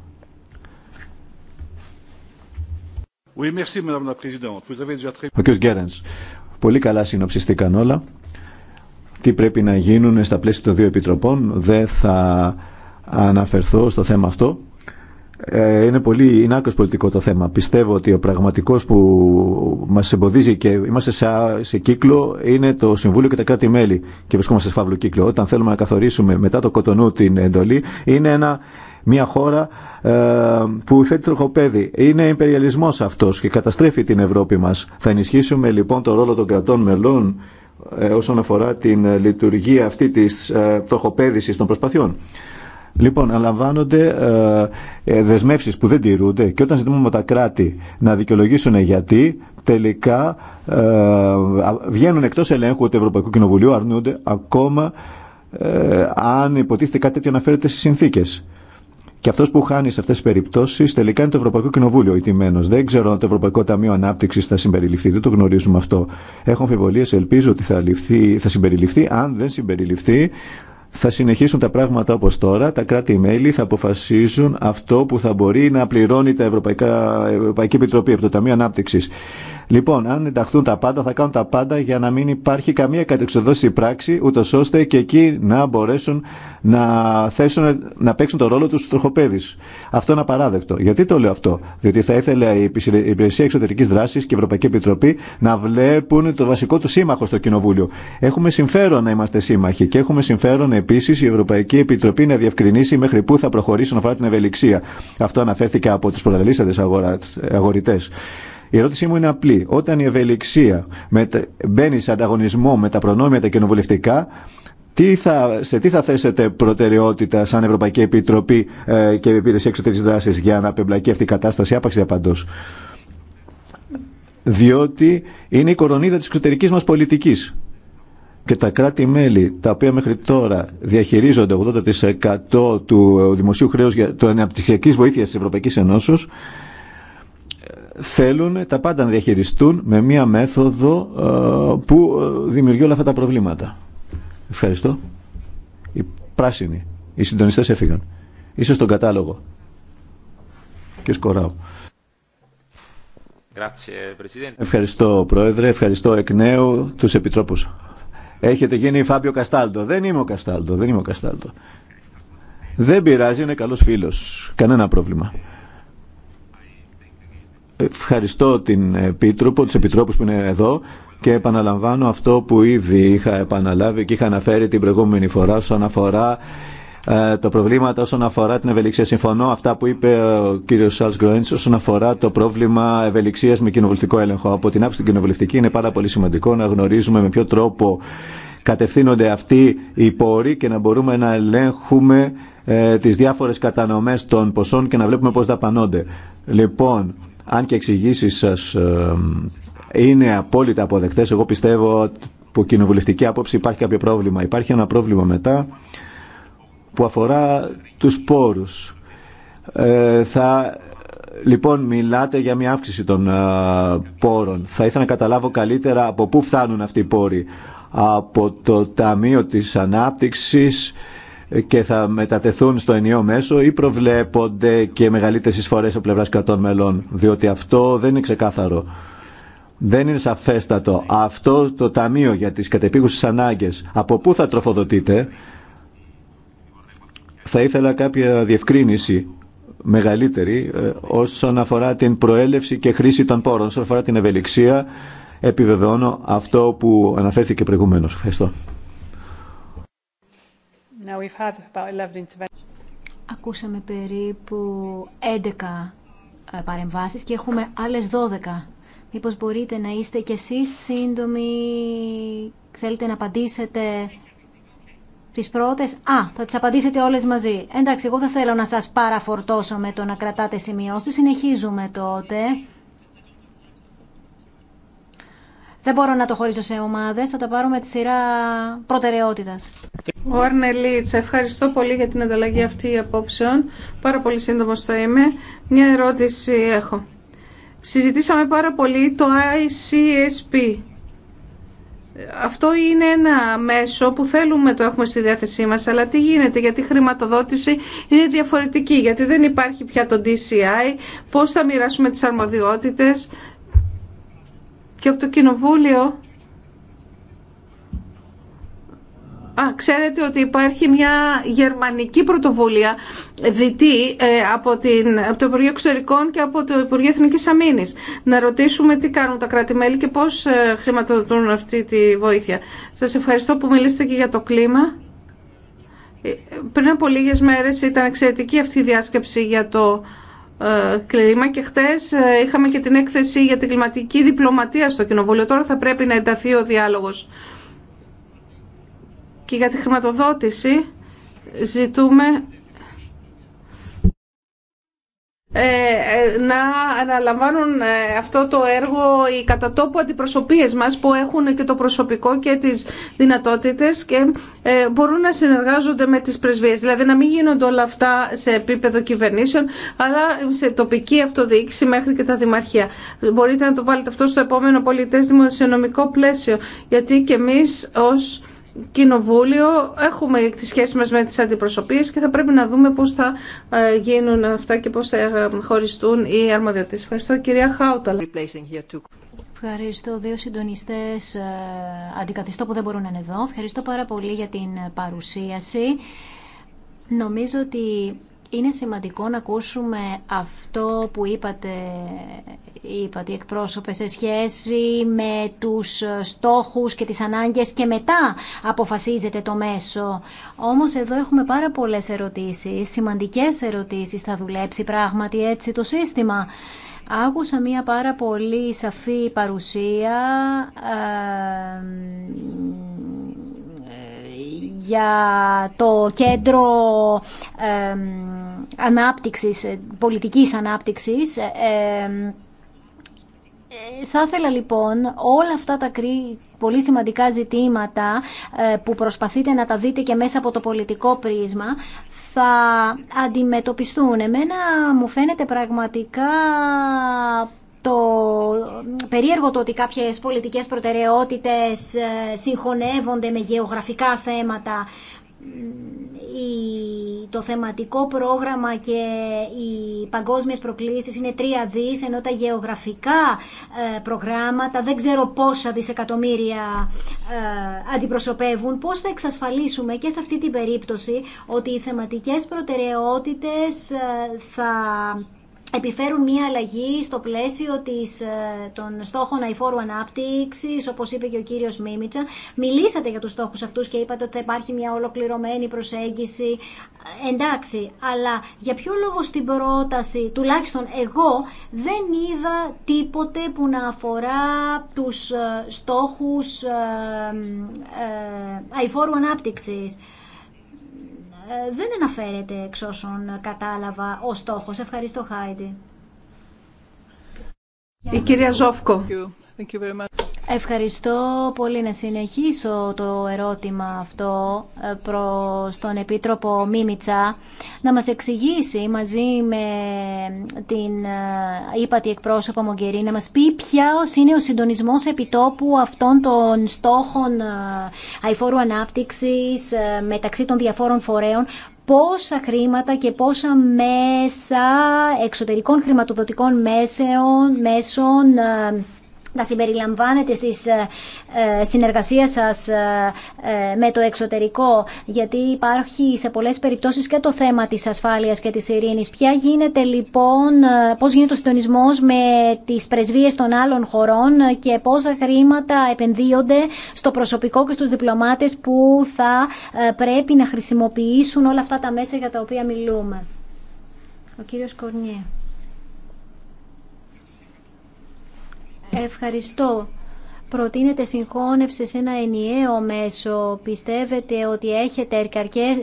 Ο κ. Γκέρενς, πολύ καλά συνοψιστήκαν όλα. Τι πρέπει να γίνουν στα πλαίσια των δύο επιτροπών. Δεν θα αναφερθώ στο θέμα αυτό. Ε, είναι πολύ είναι πολιτικό το θέμα. Πιστεύω ότι ο πραγματικός που μας εμποδίζει και είμαστε σε, κύκλο είναι το Συμβούλιο και τα κράτη-μέλη και βρισκόμαστε σε φαύλο κύκλο. Όταν θέλουμε να καθορίσουμε μετά το κοτονού την εντολή είναι μια χώρα ε, που θέτει τροχοπέδι. Είναι υπεριαλισμό αυτός και καταστρέφει την Ευρώπη μας Θα ενισχύσουμε λοιπόν το ρόλο των κρατών μελών ε, όσον αφορά την λειτουργία αυτή της ε, των προσπαθειών. Λοιπόν, αναλαμβάνονται ε, ε, δεσμεύσεις που δεν τηρούνται και όταν ζητούμε με τα κράτη να δικαιολογήσουν γιατί τελικά ε, βγαίνουν εκτός ελέγχου του Ευρωπαϊκού Κοινοβουλίου, αρνούνται ακόμα ε, αν υποτίθεται κάτι τέτοιο αναφέρεται στις συνθήκες. Και αυτό που χάνει σε αυτέ τι περιπτώσει τελικά είναι το Ευρωπαϊκό Κοινοβούλιο ηττημένο. Δεν ξέρω αν το Ευρωπαϊκό Ταμείο Ανάπτυξη θα συμπεριληφθεί. Δεν το γνωρίζουμε αυτό. Έχω αμφιβολίε, ελπίζω ότι θα, ληφθεί, θα συμπεριληφθεί. Αν δεν συμπεριληφθεί, θα συνεχίσουν τα πράγματα όπως τώρα, τα κράτη-μέλη θα αποφασίζουν αυτό που θα μπορεί να πληρώνει τα Ευρωπαϊκά, Ευρωπαϊκή Επιτροπή από το Ταμείο Ανάπτυξης. Λοιπόν, αν ενταχθούν τα πάντα, θα κάνουν τα πάντα για να μην υπάρχει καμία κατεξοδόση πράξη, ούτω ώστε και εκεί να μπορέσουν να, θέσουν, να παίξουν το ρόλο του στου Αυτό είναι απαράδεκτο. Γιατί το λέω αυτό, Διότι θα ήθελε η Υπηρεσία Εξωτερική Δράση και η Ευρωπαϊκή Επιτροπή να βλέπουν το βασικό του σύμμαχο στο Κοινοβούλιο. Έχουμε συμφέρον να είμαστε σύμμαχοι και έχουμε συμφέρον επίση η Ευρωπαϊκή Επιτροπή να διευκρινίσει μέχρι πού θα προχωρήσουν αφορά την ευελιξία. Αυτό αναφέρθηκε από του προλαλήσαντε αγορητέ. Η ερώτησή μου είναι απλή. Όταν η ευελιξία μπαίνει σε ανταγωνισμό με τα προνόμια τα κοινοβουλευτικά, τι θα, σε τι θα θέσετε προτεραιότητα σαν Ευρωπαϊκή Επιτροπή ε, και Υπηρεσία Εξωτερική Δράση για να απεμπλακεί αυτή η κατάσταση άπαξ διαπαντό. Διότι είναι η κορονίδα τη εξωτερική μα πολιτική και τα κράτη-μέλη τα οποία μέχρι τώρα διαχειρίζονται 80% του ε, δημοσίου χρέους το αναπτυξιακή βοήθεια της Ευρωπαϊκής Ενώσεως ε, θέλουν τα πάντα να διαχειριστούν με μία μέθοδο ε, που δημιουργεί όλα αυτά τα προβλήματα. Ευχαριστώ. Οι πράσινοι, οι συντονιστές έφυγαν. Είσαι στον κατάλογο. Και σκοράω. Ευχαριστώ Πρόεδρε, ευχαριστώ εκ νέου τους Επιτρόπους Έχετε γίνει Φάμπιο Καστάλτο. Δεν είμαι ο Καστάλτο, δεν είμαι ο Καστάλτο. Δεν πειράζει, είναι καλός φίλος. Κανένα πρόβλημα. Ευχαριστώ την Επίτροπο, τους Επιτρόπους που είναι εδώ και επαναλαμβάνω αυτό που ήδη είχα επαναλάβει και είχα αναφέρει την προηγούμενη φορά σαν αφορά ε, το προβλήματα όσον αφορά την ευελιξία. Συμφωνώ αυτά που είπε ο κύριο Σάλ Γκροέντ, όσον αφορά το πρόβλημα ευελιξία με κοινοβουλευτικό έλεγχο. Από την άποψη την κοινοβουλευτική είναι πάρα πολύ σημαντικό να γνωρίζουμε με ποιο τρόπο κατευθύνονται αυτοί οι πόροι και να μπορούμε να ελέγχουμε ε, τις διάφορες κατανομές των ποσών και να βλέπουμε πώς δαπανώνται. Λοιπόν, αν και εξηγήσει σας ε, είναι απόλυτα αποδεκτές, εγώ πιστεύω που κοινοβουλευτική άποψη υπάρχει κάποιο πρόβλημα. Υπάρχει ένα πρόβλημα μετά που αφορά τους πόρους. Ε, θα, λοιπόν, μιλάτε για μια αύξηση των ε, πόρων. Θα ήθελα να καταλάβω καλύτερα από πού φτάνουν αυτοί οι πόροι. Από το Ταμείο της Ανάπτυξης και θα μετατεθούν στο ενιαίο μέσο ή προβλέπονται και μεγαλύτερες εισφορές από πλευράς κρατών μελών. Διότι αυτό δεν είναι ξεκάθαρο. Δεν είναι σαφέστατο. Αυτό το Ταμείο για τις κατεπίγουσες ανάγκες, από πού θα τροφοδοτείτε θα ήθελα κάποια διευκρίνηση μεγαλύτερη ε, όσον αφορά την προέλευση και χρήση των πόρων. Όσον αφορά την ευελιξία, επιβεβαιώνω αυτό που αναφέρθηκε προηγουμένως. Ευχαριστώ. Now we've had about 11 Ακούσαμε περίπου 11 ε, παρεμβάσεις και έχουμε άλλες 12. Μήπως μπορείτε να είστε κι εσείς σύντομοι, θέλετε να απαντήσετε τις πρώτες. Α, θα τι απαντήσετε όλες μαζί. Εντάξει, εγώ δεν θέλω να σας παραφορτώσω με το να κρατάτε σημειώσει. Συνεχίζουμε τότε. Δεν μπορώ να το χωρίσω σε ομάδες. Θα τα πάρουμε τη σειρά προτεραιότητα. Ο Αρνελίτς, ευχαριστώ πολύ για την ανταλλαγή αυτή απόψεων. Πάρα πολύ σύντομο θα είμαι. Μια ερώτηση έχω. Συζητήσαμε πάρα πολύ το ICSP αυτό είναι ένα μέσο που θέλουμε το έχουμε στη διάθεσή μας, αλλά τι γίνεται, γιατί η χρηματοδότηση είναι διαφορετική, γιατί δεν υπάρχει πια το DCI, πώς θα μοιράσουμε τις αρμοδιότητες και από το Κοινοβούλιο Α, ξέρετε ότι υπάρχει μια γερμανική πρωτοβουλία διτή ε, από, την, από το Υπουργείο Εξωτερικών και από το Υπουργείο Εθνική Αμήνη. Να ρωτήσουμε τι κάνουν τα κράτη-μέλη και πώ ε, χρηματοδοτούν αυτή τη βοήθεια. Σα ευχαριστώ που μιλήσατε και για το κλίμα. Ε, πριν από λίγες μέρες ήταν εξαιρετική αυτή η διάσκεψη για το κλίμα και χτες είχαμε και την έκθεση για την κλιματική διπλωματία στο Κοινοβούλιο. Τώρα θα πρέπει να ενταθεί ο διάλογος και για τη χρηματοδότηση ζητούμε ε, ε, να αναλαμβάνουν ε, αυτό το έργο οι κατατόπου αντιπροσωπείες μας που έχουν και το προσωπικό και τις δυνατότητες και μπορούν να συνεργάζονται με τις πρεσβείες. Δηλαδή να μην γίνονται όλα αυτά σε επίπεδο κυβερνήσεων αλλά σε τοπική αυτοδιοίκηση μέχρι και τα δημαρχία. Μπορείτε να το βάλετε αυτό στο επόμενο πολιτές δημοσιονομικό πλαίσιο γιατί και εμείς ως κοινοβούλιο έχουμε τις σχέσεις μας με τις αντιπροσωπείες και θα πρέπει να δούμε πώς θα ε, γίνουν αυτά και πώς θα ε, χωριστούν οι αρμοδιότητες. Ευχαριστώ κυρία Χάουταλα. Ευχαριστώ δύο συντονιστές ε, αντικαθιστώ που δεν μπορούν να είναι εδώ. Ευχαριστώ πάρα πολύ για την παρουσίαση. Νομίζω ότι είναι σημαντικό να ακούσουμε αυτό που είπατε, είπατε εκπρόσωπε σε σχέση με τους στόχους και τις ανάγκες και μετά αποφασίζεται το μέσο. Όμως εδώ έχουμε πάρα πολλές ερωτήσεις, σημαντικές ερωτήσεις. Θα δουλέψει πράγματι έτσι το σύστημα. Άκουσα μία πάρα πολύ σαφή παρουσία... Ε, για το κέντρο ανάπτυξης, ε, πολιτικής ανάπτυξης. Ε, θα ήθελα λοιπόν όλα αυτά τα πολύ σημαντικά ζητήματα ε, που προσπαθείτε να τα δείτε και μέσα από το πολιτικό πρίσμα θα αντιμετωπιστούν. Εμένα μου φαίνεται πραγματικά το περίεργο το ότι κάποιες πολιτικές προτεραιότητες ε, συγχωνεύονται με γεωγραφικά θέματα το θεματικό πρόγραμμα και οι παγκόσμιες προκλήσεις είναι τρία δις, ενώ τα γεωγραφικά ε, προγράμματα δεν ξέρω πόσα δισεκατομμύρια ε, αντιπροσωπεύουν. Πώς θα εξασφαλίσουμε και σε αυτή την περίπτωση ότι οι θεματικές προτεραιότητες θα επιφέρουν μια αλλαγή στο πλαίσιο της, ε, των στόχων αηφόρου ανάπτυξη, όπως είπε και ο κύριος Μίμητσα. Μιλήσατε για τους στόχους αυτούς και είπατε ότι θα υπάρχει μια ολοκληρωμένη προσέγγιση. Ε, εντάξει, αλλά για ποιο λόγο στην πρόταση, τουλάχιστον εγώ, δεν είδα τίποτε που να αφορά τους ε, στόχους αηφόρου ανάπτυξης. Ε, δεν αναφέρεται εξ όσων κατάλαβα ο στόχο, Ευχαριστώ Χάιντι. Η κυρία Ζόφκο. Thank you. Thank Ευχαριστώ πολύ να συνεχίσω το ερώτημα αυτό ε, προς τον Επίτροπο Μίμητσα να μας εξηγήσει μαζί με την ε, ύπατη εκπρόσωπο Μογκερή να μας πει ποια είναι ο συντονισμός επιτόπου αυτών των στόχων ε, αηφόρου ανάπτυξης μεταξύ των διαφόρων φορέων πόσα χρήματα και πόσα μέσα εξωτερικών χρηματοδοτικών μέσεων, μέσων να συμπεριλαμβάνετε στις ε, ε, συνεργασία σας ε, με το εξωτερικό γιατί υπάρχει σε πολλές περιπτώσεις και το θέμα της ασφάλειας και της ειρήνης. Ποια γίνεται λοιπόν, πώς γίνεται ο συντονισμός με τις πρεσβείες των άλλων χωρών και πόσα χρήματα επενδύονται στο προσωπικό και στους διπλωμάτες που θα πρέπει να χρησιμοποιήσουν όλα αυτά τα μέσα για τα οποία μιλούμε. Ο κύριος Κορνιέ. Ευχαριστώ προτείνετε συγχώνευση σε ένα ενιαίο μέσο. Πιστεύετε ότι έχετε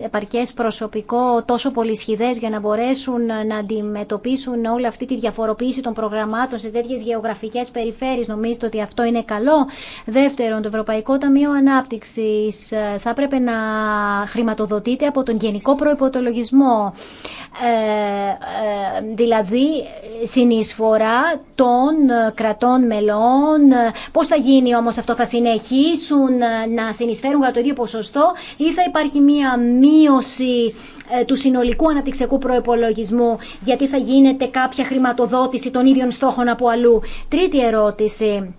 επαρκέ προσωπικό τόσο σχηδές για να μπορέσουν να αντιμετωπίσουν όλη αυτή τη διαφοροποίηση των προγραμμάτων σε τέτοιε γεωγραφικέ περιφέρειες. Νομίζετε ότι αυτό είναι καλό. Δεύτερον, το Ευρωπαϊκό Ταμείο Ανάπτυξη, ε, θα έπρεπε να χρηματοδοτείται από τον Γενικό Προϋποτολογισμό. Ε, ε δηλαδή, συνεισφορά των κρατών μελών, ε, πώς θα γίνει γίνει όμως αυτό, θα συνεχίσουν ε, να συνεισφέρουν για το ίδιο ποσοστό ή θα υπάρχει μία μείωση ε, του συνολικού αναπτυξιακού προπολογισμού, γιατί θα γίνεται κάποια χρηματοδότηση των ίδιων στόχων από αλλού. Τρίτη ερώτηση.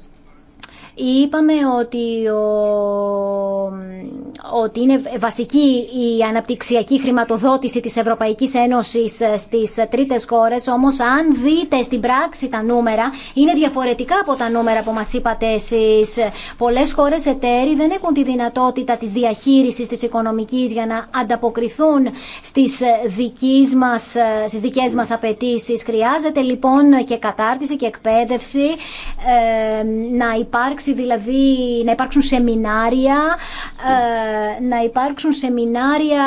Είπαμε ότι, ο, είναι βασική η αναπτυξιακή χρηματοδότηση της Ευρωπαϊκής Ένωσης ε, στις τρίτες χώρες, όμως αν δείτε στην πράξη τα νούμερα, είναι διαφορετικά από τα νούμερα που μας είπατε εσείς. Πολλές χώρες εταίροι δεν έχουν τη δυνατότητα της διαχείρισης της οικονομικής για να ανταποκριθούν στις, ε, δικής μας, ε, στις δικές μας απαιτήσει. Χρειάζεται λοιπόν και κατάρτιση και εκπαίδευση να υπάρξει υπάρξει δηλαδή, να υπάρξουν σεμινάρια, ε, να υπάρξουν σεμινάρια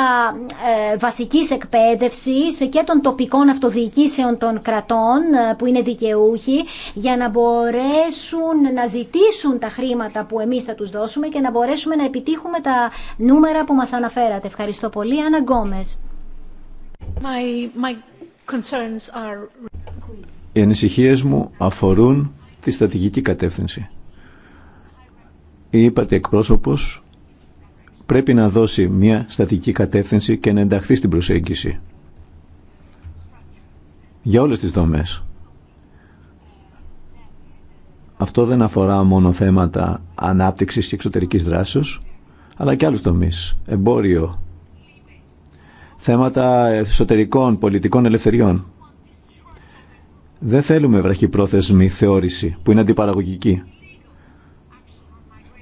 ε, βασικής εκπαίδευσης και των τοπικών αυτοδιοικήσεων των κρατών ε, που είναι δικαιούχοι για να μπορέσουν να ζητήσουν τα χρήματα που εμείς θα τους δώσουμε και να μπορέσουμε να επιτύχουμε τα νούμερα που μας αναφέρατε. Ευχαριστώ πολύ. Άννα Γκόμες. My, my are... Οι ανησυχίε μου αφορούν τη στρατηγική κατεύθυνση η εκπρόσωπο εκπρόσωπος πρέπει να δώσει μια στατική κατεύθυνση και να ενταχθεί στην προσέγγιση. Για όλες τις δομές. Αυτό δεν αφορά μόνο θέματα ανάπτυξης και εξωτερικής δράσης, αλλά και άλλους τομείς. Εμπόριο, θέματα εσωτερικών πολιτικών ελευθεριών. Δεν θέλουμε βραχυπρόθεσμη θεώρηση που είναι αντιπαραγωγική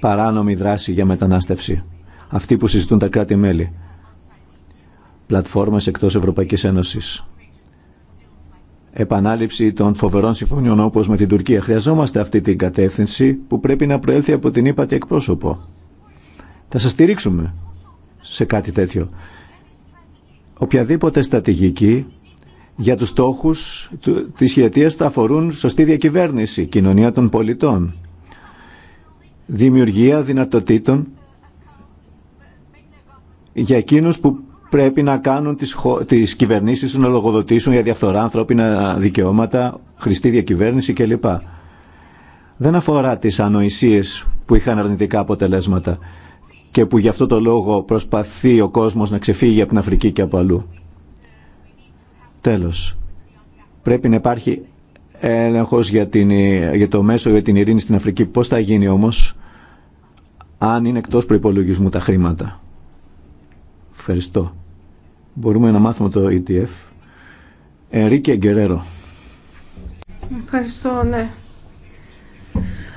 παράνομη δράση για μετανάστευση. Αυτοί που συζητούν τα κράτη-μέλη. Πλατφόρμες εκτός Ευρωπαϊκής Ένωσης. Επανάληψη των φοβερών συμφωνιών όπως με την Τουρκία. Χρειαζόμαστε αυτή την κατεύθυνση που πρέπει να προέλθει από την ύπατη εκπρόσωπο. Θα σας στηρίξουμε σε κάτι τέτοιο. Οποιαδήποτε στρατηγική για τους στόχους της σχετίας θα αφορούν σωστή διακυβέρνηση, κοινωνία των πολιτών, δημιουργία δυνατοτήτων για εκείνους που πρέπει να κάνουν τις, χω... τις κυβερνήσεις να λογοδοτήσουν για διαφθορά, ανθρώπινα δικαιώματα, χρηστή διακυβέρνηση κλπ. Δεν αφορά τις ανοησίες που είχαν αρνητικά αποτελέσματα και που γι' αυτό το λόγο προσπαθεί ο κόσμος να ξεφύγει από την Αφρική και από αλλού. Τέλος, πρέπει να υπάρχει έλεγχο για, για το μέσο για την ειρήνη στην Αφρική. Πώς θα γίνει όμως αν είναι εκτός προπολογισμού τα χρήματα. Ευχαριστώ. Μπορούμε να μάθουμε το ETF. Ερίκε Γκερέρο. Ευχαριστώ, ναι.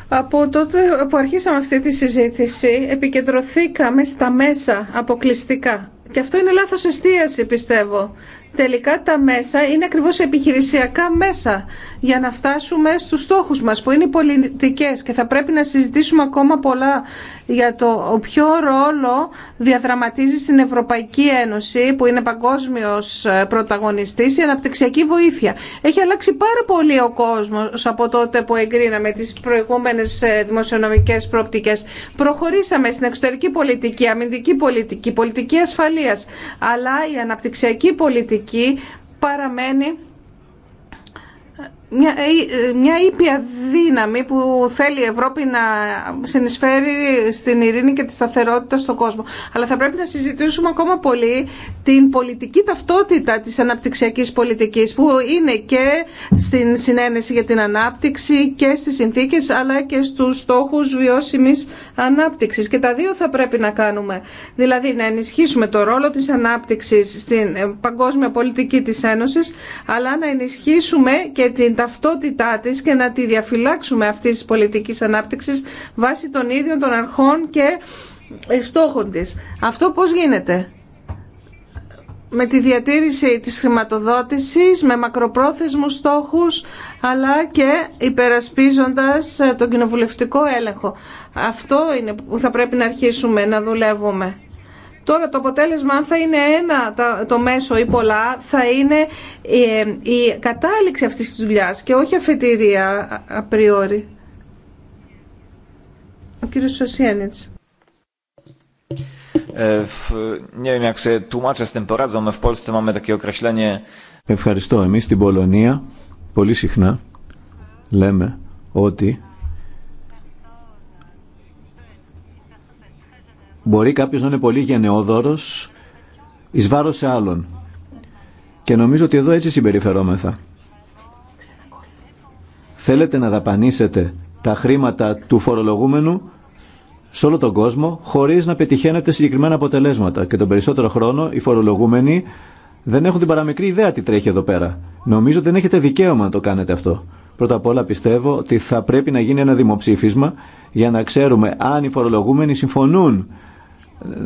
Από τότε που αρχίσαμε αυτή τη συζήτηση, επικεντρωθήκαμε στα μέσα αποκλειστικά. Και αυτό είναι λάθος εστίαση, πιστεύω τελικά τα μέσα είναι ακριβώς επιχειρησιακά μέσα για να φτάσουμε στους στόχους μας που είναι οι πολιτικές και θα πρέπει να συζητήσουμε ακόμα πολλά για το ποιο ρόλο διαδραματίζει στην Ευρωπαϊκή Ένωση που είναι παγκόσμιος ε, πρωταγωνιστής η αναπτυξιακή βοήθεια. Έχει αλλάξει πάρα πολύ ο κόσμος από τότε που εγκρίναμε τις προηγούμενες ε, δημοσιονομικές προοπτικές. Προχωρήσαμε στην εξωτερική πολιτική, αμυντική πολιτική, πολιτική ασφαλείας αλλά η αναπτυξιακή πολιτική εκεί παραμένει μια, ε, μια ήπια δύναμη που θέλει η Ευρώπη να συνεισφέρει στην ειρήνη και τη σταθερότητα στον κόσμο. Αλλά θα πρέπει να συζητήσουμε ακόμα πολύ την πολιτική ταυτότητα της αναπτυξιακής πολιτικής που είναι και στην συνένεση για την ανάπτυξη και στις συνθήκες αλλά και στους στόχους βιώσιμης ανάπτυξης. Και τα δύο θα πρέπει να κάνουμε. Δηλαδή να ενισχύσουμε το ρόλο της ανάπτυξης στην ε, παγκόσμια πολιτική της Ένωσης αλλά να ενισχύσουμε και την ταυτότητά της και να τη διαφυλάξουμε αυτής της πολιτικής ανάπτυξης βάσει των ίδιων των αρχών και ε, στόχων της. Αυτό πώς γίνεται με τη διατήρηση της χρηματοδότησης, με μακροπρόθεσμους στόχους, αλλά και υπερασπίζοντας ε, τον κοινοβουλευτικό έλεγχο. Αυτό είναι που θα πρέπει να αρχίσουμε να δουλεύουμε. Τώρα το αποτέλεσμα αν θα είναι ένα το μέσο ή πολλά θα είναι ε, η κατάληξη αυτής της δουλειάς και όχι αφετηρία απριόρι. Ο κύριος Σοσιένιτς. Ε, Ευχαριστώ. Εμεί στην Πολωνία πολύ συχνά λέμε ότι Μπορεί κάποιος να είναι πολύ γενναιόδωρος εις βάρος σε άλλον. Και νομίζω ότι εδώ έτσι συμπεριφερόμεθα. Θέλετε να δαπανίσετε τα χρήματα του φορολογούμενου σε όλο τον κόσμο χωρίς να πετυχαίνετε συγκεκριμένα αποτελέσματα. Και τον περισσότερο χρόνο οι φορολογούμενοι δεν έχουν την παραμικρή ιδέα τι τρέχει εδώ πέρα. Νομίζω ότι δεν έχετε δικαίωμα να το κάνετε αυτό. Πρώτα απ' όλα πιστεύω ότι θα πρέπει να γίνει ένα δημοψήφισμα για να ξέρουμε αν οι φορολογούμενοι συμφωνούν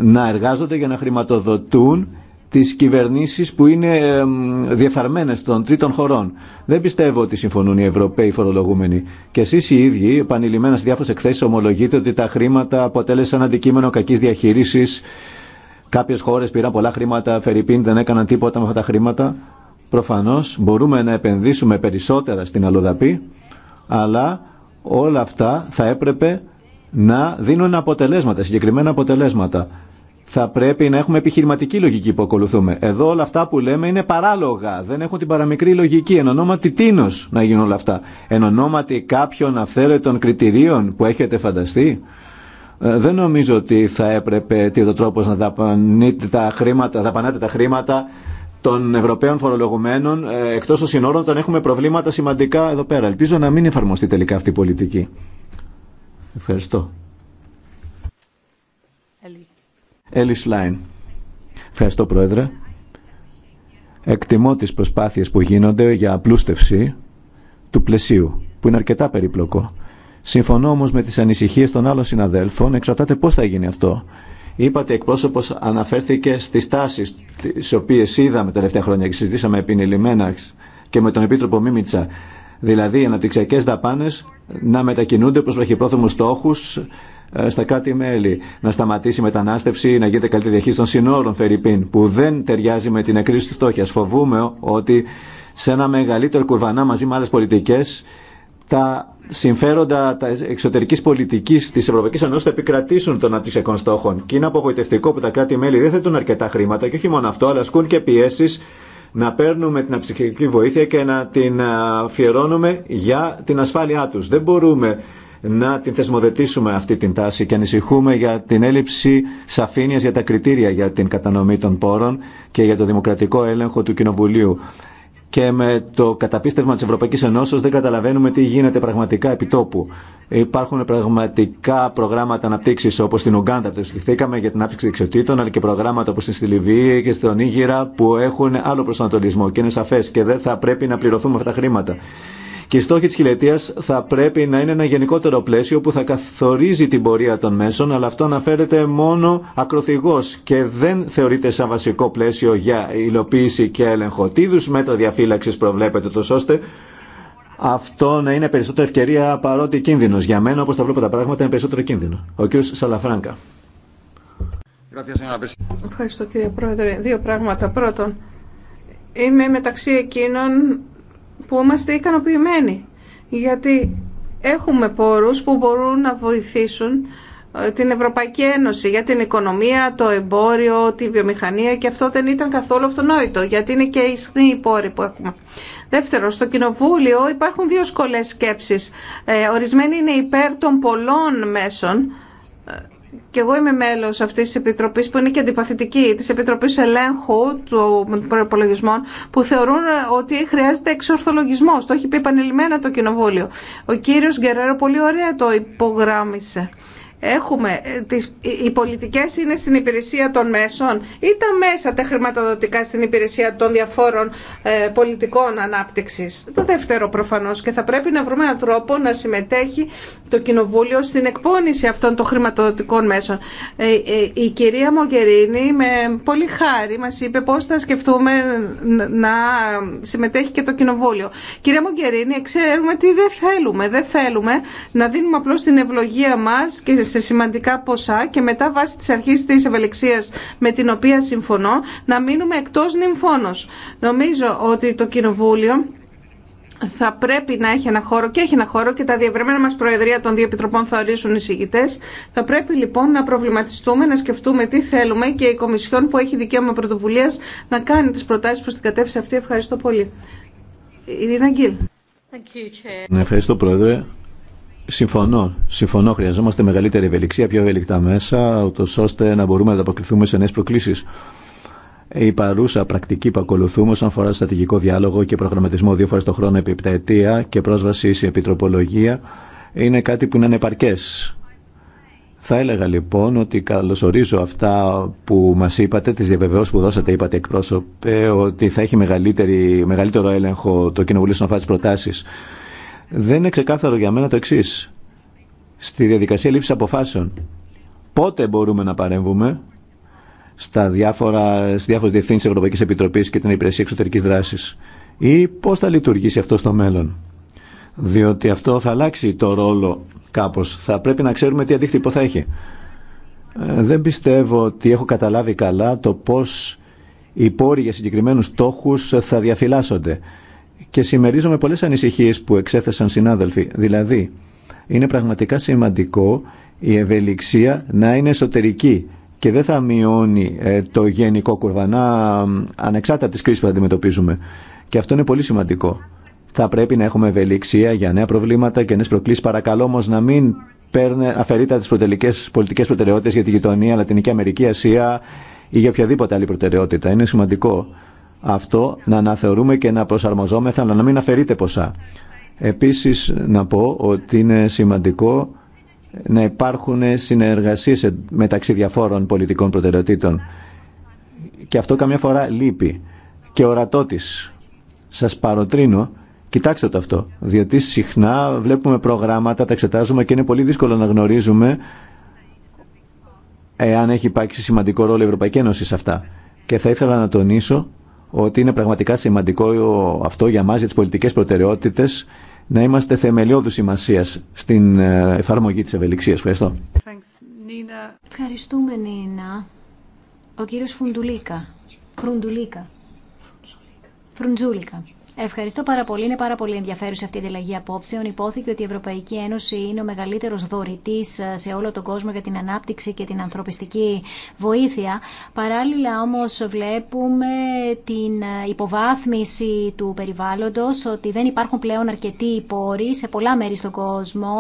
να εργάζονται για να χρηματοδοτούν τις κυβερνήσεις που είναι διεφθαρμένες των τρίτων χωρών. Δεν πιστεύω ότι συμφωνούν οι Ευρωπαίοι φορολογούμενοι. Και εσείς οι ίδιοι, επανειλημμένα σε διάφορες εκθέσεις, ομολογείτε ότι τα χρήματα αποτέλεσαν αντικείμενο κακής διαχείρισης. Κάποιες χώρες πήραν πολλά χρήματα, Φερρυπίν δεν έκαναν τίποτα με αυτά τα χρήματα. Προφανώς μπορούμε να επενδύσουμε περισσότερα στην αλλοδαπή, αλλά όλα αυτά θα έπρεπε να δίνουν αποτελέσματα, συγκεκριμένα αποτελέσματα. Θα πρέπει να έχουμε επιχειρηματική λογική που ακολουθούμε. Εδώ όλα αυτά που λέμε είναι παράλογα. Δεν έχουν την παραμικρή λογική. Εν ονόματι τίνο να γίνουν όλα αυτά. Εν ονόματι κάποιων αυθαίρετων κριτηρίων που έχετε φανταστεί. Ε, δεν νομίζω ότι θα έπρεπε ο τρόπο να δαπανείτε τα χρήματα, δαπανάτε τα χρήματα των Ευρωπαίων φορολογουμένων ε, εκτό των συνόρων όταν έχουμε προβλήματα σημαντικά εδώ πέρα. Ελπίζω να μην εφαρμοστεί τελικά αυτή η πολιτική. Ευχαριστώ. Έλλη Σλάιν. Ευχαριστώ Πρόεδρε. Εκτιμώ τις προσπάθειες που γίνονται για απλούστευση του πλαισίου, που είναι αρκετά περίπλοκο. Συμφωνώ όμω με τι ανησυχίε των άλλων συναδέλφων, εξαρτάται πώ θα γίνει αυτό. Είπατε εκπρόσωπο αναφέρθηκε στι τάσει τι οποίε είδαμε τελευταία χρόνια και συζητήσαμε επινειλημμένα και με τον Επίτροπο Μίμητσα Δηλαδή οι αναπτυξιακέ δαπάνε να μετακινούνται προ βραχυπρόθεσμου στόχου ε, στα κάτι μελη Να σταματήσει η μετανάστευση, να γίνεται καλύτερη διαχείριση των συνόρων, Φερρυπίν, που δεν ταιριάζει με την εκρίζωση τη φτώχεια. Φοβούμε ότι σε ένα μεγαλύτερο κουρβανά μαζί με άλλε πολιτικέ τα συμφέροντα τα εξωτερική πολιτική τη Ευρωπαϊκή Ένωση θα επικρατήσουν των αναπτυξιακών στόχων. Και είναι απογοητευτικό που τα κράτη-μέλη δεν θέτουν αρκετά χρήματα και όχι μόνο αυτό, αλλά ασκούν και πιέσει να παίρνουμε την ψυχική βοήθεια και να την αφιερώνουμε για την ασφάλειά τους. Δεν μπορούμε να την θεσμοθετήσουμε αυτή την τάση και ανησυχούμε για την έλλειψη σαφήνειας για τα κριτήρια για την κατανομή των πόρων και για το δημοκρατικό έλεγχο του Κοινοβουλίου και με το καταπίστευμα της Ευρωπαϊκής Ενώσεως δεν καταλαβαίνουμε τι γίνεται πραγματικά επί τόπου. Υπάρχουν πραγματικά προγράμματα αναπτύξη όπω στην Ουγγάντα που για την ανάπτυξη δεξιοτήτων, αλλά και προγράμματα όπω στη Λιβύη και στον Ήγηρα που έχουν άλλο προσανατολισμό και είναι σαφέ και δεν θα πρέπει να πληρωθούμε αυτά τα χρήματα. Και οι στόχοι τη χιλιετία θα πρέπει να είναι ένα γενικότερο πλαίσιο που θα καθορίζει την πορεία των μέσων, αλλά αυτό αναφέρεται μόνο ακροθυγώ και δεν θεωρείται σαν βασικό πλαίσιο για υλοποίηση και έλεγχο. Τι είδου μέτρα διαφύλαξη προβλέπετε, τόσο ώστε αυτό να είναι περισσότερη ευκαιρία παρότι κίνδυνο. Για μένα, όπω τα βλέπω τα πράγματα, είναι περισσότερο κίνδυνο. Ο κ. Σαλαφράγκα. Ευχαριστώ κύριε Πρόεδρε. Δύο πράγματα. Πρώτον, είμαι μεταξύ εκείνων που είμαστε ικανοποιημένοι γιατί έχουμε πόρους που μπορούν να βοηθήσουν ε, την Ευρωπαϊκή Ένωση για την οικονομία, το εμπόριο, τη βιομηχανία και αυτό δεν ήταν καθόλου αυτονόητο γιατί είναι και ισχνή οι πόροι που έχουμε. Δεύτερο, στο Κοινοβούλιο υπάρχουν δύο σκολές σκέψεις. Ε, ορισμένοι είναι υπέρ των πολλών μέσων ε, και εγώ είμαι μέλος αυτής τη Επιτροπής που είναι και αντιπαθητική, της Επιτροπής Ελέγχου των Προπολογισμών που θεωρούν ότι χρειάζεται εξορθολογισμός. Το έχει πει επανειλημμένα το Κοινοβούλιο. Ο κύριος Γκερέρο πολύ ωραία το υπογράμμισε. Έχουμε, ε, τις, οι πολιτικές είναι στην υπηρεσία των μέσων ή τα μέσα τα χρηματοδοτικά στην υπηρεσία των διαφόρων ε, πολιτικών ανάπτυξης. Το δεύτερο προφανώς και θα πρέπει να βρούμε έναν τρόπο να συμμετέχει το Κοινοβούλιο στην εκπόνηση αυτών των χρηματοδοτικών μέσων. Ε, η κυρία Μογκερίνη με πολύ χάρη μας είπε πώς θα σκεφτούμε να συμμετέχει και το Κοινοβούλιο. Κυρία Μογκερίνη, ξέρουμε τι δεν θέλουμε. Δεν θέλουμε να δίνουμε απλώς την ευλογία μας και σε σημαντικά ποσά και μετά βάσει της αρχής της ευελιξίας με την οποία συμφωνώ να μείνουμε εκτός νυμφώνος. Νομίζω ότι το Κοινοβούλιο θα πρέπει να έχει ένα χώρο και έχει ένα χώρο και τα διευρεμένα μας προεδρία των δύο επιτροπών θα ορίσουν εισηγητέ. Θα πρέπει λοιπόν να προβληματιστούμε, να σκεφτούμε τι θέλουμε και η Κομισιόν που έχει δικαίωμα πρωτοβουλία να κάνει τις προτάσεις προς την κατεύθυνση αυτή. Ευχαριστώ πολύ. Ειρήνα Γκίλ. Ναι, ευχαριστώ Πρόεδρε. Συμφωνώ. Συμφωνώ. Χρειαζόμαστε μεγαλύτερη ευελιξία, πιο ευελικτά μέσα, ούτω ώστε να μπορούμε να ανταποκριθούμε σε νέε προκλήσει. Η παρούσα πρακτική που ακολουθούμε όσον αφορά στρατηγικό διάλογο και προγραμματισμό δύο φορέ το χρόνο επί επταετία και πρόσβαση σε επιτροπολογία είναι κάτι που είναι ανεπαρκέ. Θα έλεγα λοιπόν ότι καλωσορίζω αυτά που μα είπατε, τι διαβεβαιώσει που δώσατε, είπατε εκπρόσωπε, ότι θα έχει μεγαλύτερο έλεγχο το Κοινοβουλίο στον αφορά τι προτάσει. Δεν είναι ξεκάθαρο για μένα το εξή. Στη διαδικασία λήψη αποφάσεων, πότε μπορούμε να παρέμβουμε στα διάφορα, στις διάφορες διευθύνσεις Ευρωπαϊκής Επιτροπής και την Υπηρεσία Εξωτερικής Δράσης ή πώς θα λειτουργήσει αυτό στο μέλλον. Διότι αυτό θα αλλάξει το ρόλο κάπως. Θα πρέπει να ξέρουμε τι αντίκτυπο θα έχει. Ε, δεν πιστεύω ότι έχω καταλάβει καλά το πώς οι πόροι για συγκεκριμένους στόχους θα διαφυλάσσονται και συμμερίζομαι πολλές ανησυχίες που εξέθεσαν συνάδελφοι. Δηλαδή, είναι πραγματικά σημαντικό η ευελιξία να είναι εσωτερική και δεν θα μειώνει ε, το γενικό κουρβανά ανεξάρτητα από τις που θα αντιμετωπίζουμε. Και αυτό είναι πολύ σημαντικό. Θα πρέπει να έχουμε ευελιξία για νέα προβλήματα και νέε προκλήσει, Παρακαλώ όμω να μην παίρνε, αφαιρείτε τι πολιτικέ προτεραιότητε για τη γειτονία, Λατινική Αμερική, Ασία ή για οποιαδήποτε άλλη προτεραιότητα. Είναι σημαντικό αυτό να αναθεωρούμε και να προσαρμοζόμεθα, αλλά να μην αφαιρείται ποσά. Επίσης να πω ότι είναι σημαντικό να υπάρχουν συνεργασίες μεταξύ διαφόρων πολιτικών προτεραιοτήτων. Και αυτό καμιά φορά λείπει. Και ορατό της. Σας παροτρύνω, κοιτάξτε το αυτό, διότι συχνά βλέπουμε προγράμματα, τα εξετάζουμε και είναι πολύ δύσκολο να γνωρίζουμε εάν έχει υπάρξει σημαντικό ρόλο η Ευρωπαϊκή Ένωση σε αυτά. Και θα ήθελα να τονίσω ότι είναι πραγματικά σημαντικό αυτό για μας, για τις πολιτικές προτεραιότητες, να είμαστε θεμελιώδους σημασία στην ε, εφαρμογή της ευελιξίας. Ευχαριστώ. Ευχαριστούμε, Νίνα. Ο κύριος Φουντουλίκα. Φρουντουλίκα. Φρουντζούλικα. Ευχαριστώ πάρα πολύ. Είναι πάρα πολύ ενδιαφέρουσα αυτή η ανταλλαγή απόψεων. Υπόθηκε ότι η Ευρωπαϊκή Ένωση είναι ο μεγαλύτερο δωρητή ε, σε όλο τον κόσμο για την ανάπτυξη και την ανθρωπιστική βοήθεια. Παράλληλα όμω βλέπουμε την ε, υποβάθμιση του περιβάλλοντο, ότι δεν υπάρχουν πλέον αρκετοί πόροι σε πολλά μέρη στον κόσμο.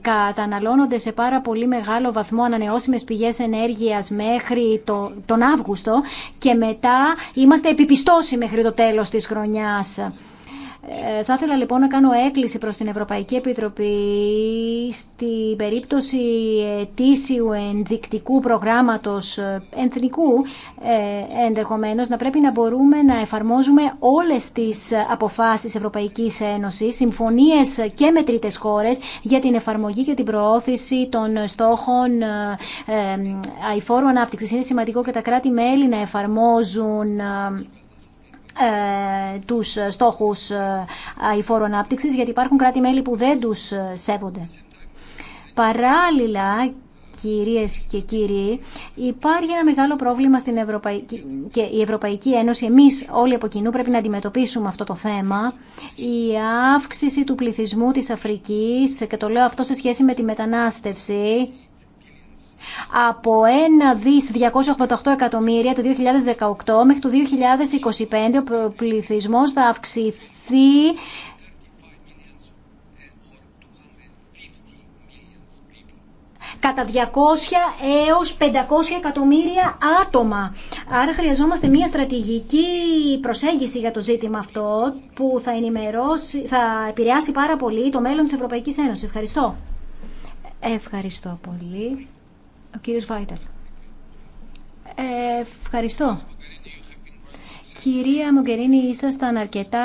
καταναλώνονται σε πάρα πολύ μεγάλο βαθμό ανανεώσιμε πηγέ ενέργεια μέχρι το, τον Αύγουστο και μετά είμαστε επιπιστώσει μέχρι το τέλο τέλος της χρονιάς. Ε, θα ήθελα λοιπόν να κάνω έκκληση προς την Ευρωπαϊκή Επιτροπή στην περίπτωση ετήσιου ενδεικτικού προγράμματος ε, εθνικού ε, ενδεχομένως να πρέπει να μπορούμε να εφαρμόζουμε όλες τις αποφάσεις Ευρωπαϊκής Ένωσης, συμφωνίες και με τρίτες για την εφαρμογή και την προώθηση των στόχων αηφόρου ανάπτυξης. Είναι σημαντικό και τα κράτη-μέλη να εφαρμόζουν ε, τους στόχους ε, ανάπτυξη, ανάπτυξης, γιατί υπάρχουν κράτη-μέλη που δεν τους ε, σέβονται. Παράλληλα, κυρίες και κύριοι, υπάρχει ένα μεγάλο πρόβλημα στην Ευρωπαϊκή και η Ευρωπαϊκή Ένωση, Εμεί όλοι από κοινού πρέπει να αντιμετωπίσουμε αυτό το θέμα, η αύξηση του πληθυσμού της Αφρικής, και το λέω αυτό σε σχέση με τη μετανάστευση, από 1 δις 288 εκατομμύρια το 2018 μέχρι το 2025 ο πληθυσμός θα αυξηθεί κατά 200 έως 500 εκατομμύρια άτομα. Άρα χρειαζόμαστε μια στρατηγική προσέγγιση για το ζήτημα αυτό που θα, ενημερώσει, θα επηρεάσει πάρα πολύ το μέλλον της Ευρωπαϊκής Ένωσης. Ευχαριστώ. Ευχαριστώ πολύ. Ο κύριος Βάιταλ. Ε, ευχαριστώ. Κυρία Μογκερίνη, ήσασταν αρκετά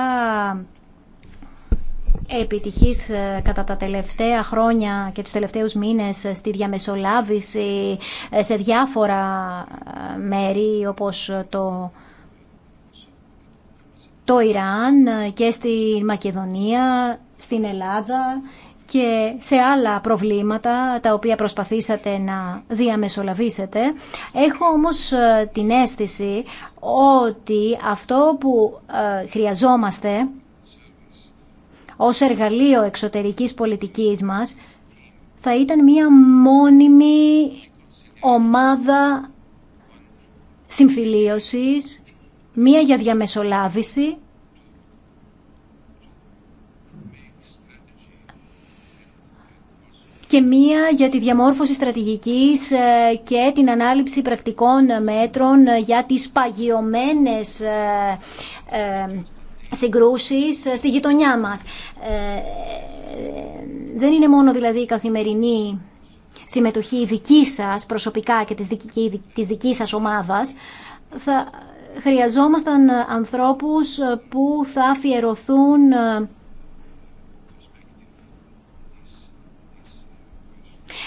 επιτυχής ε, κατά τα τελευταία χρόνια και τους τελευταίους μήνες ε, στη διαμεσολάβηση σε διάφορα μέρη όπως το το Ιράν και στη Μακεδονία, στην Ελλάδα και σε άλλα προβλήματα τα οποία προσπαθήσατε να διαμεσολαβήσετε. Έχω όμως ε, την αίσθηση ότι αυτό που ε, χρειαζόμαστε ως εργαλείο εξωτερικής πολιτικής μας θα ήταν μία μόνιμη ομάδα συμφιλίωσης, μία για διαμεσολάβηση και μία για τη διαμόρφωση στρατηγικής ε, και την ανάληψη πρακτικών μέτρων ε, για τις παγιωμένες ε, συγκρούσεις στη γειτονιά μας. Δεν είναι μόνο δηλαδή η καθημερινή συμμετοχή δική σας προσωπικά και της δική της ομάδα, σας ομάδας. Θα χρειαζόμασταν ανθρώπους που θα αφιερωθούν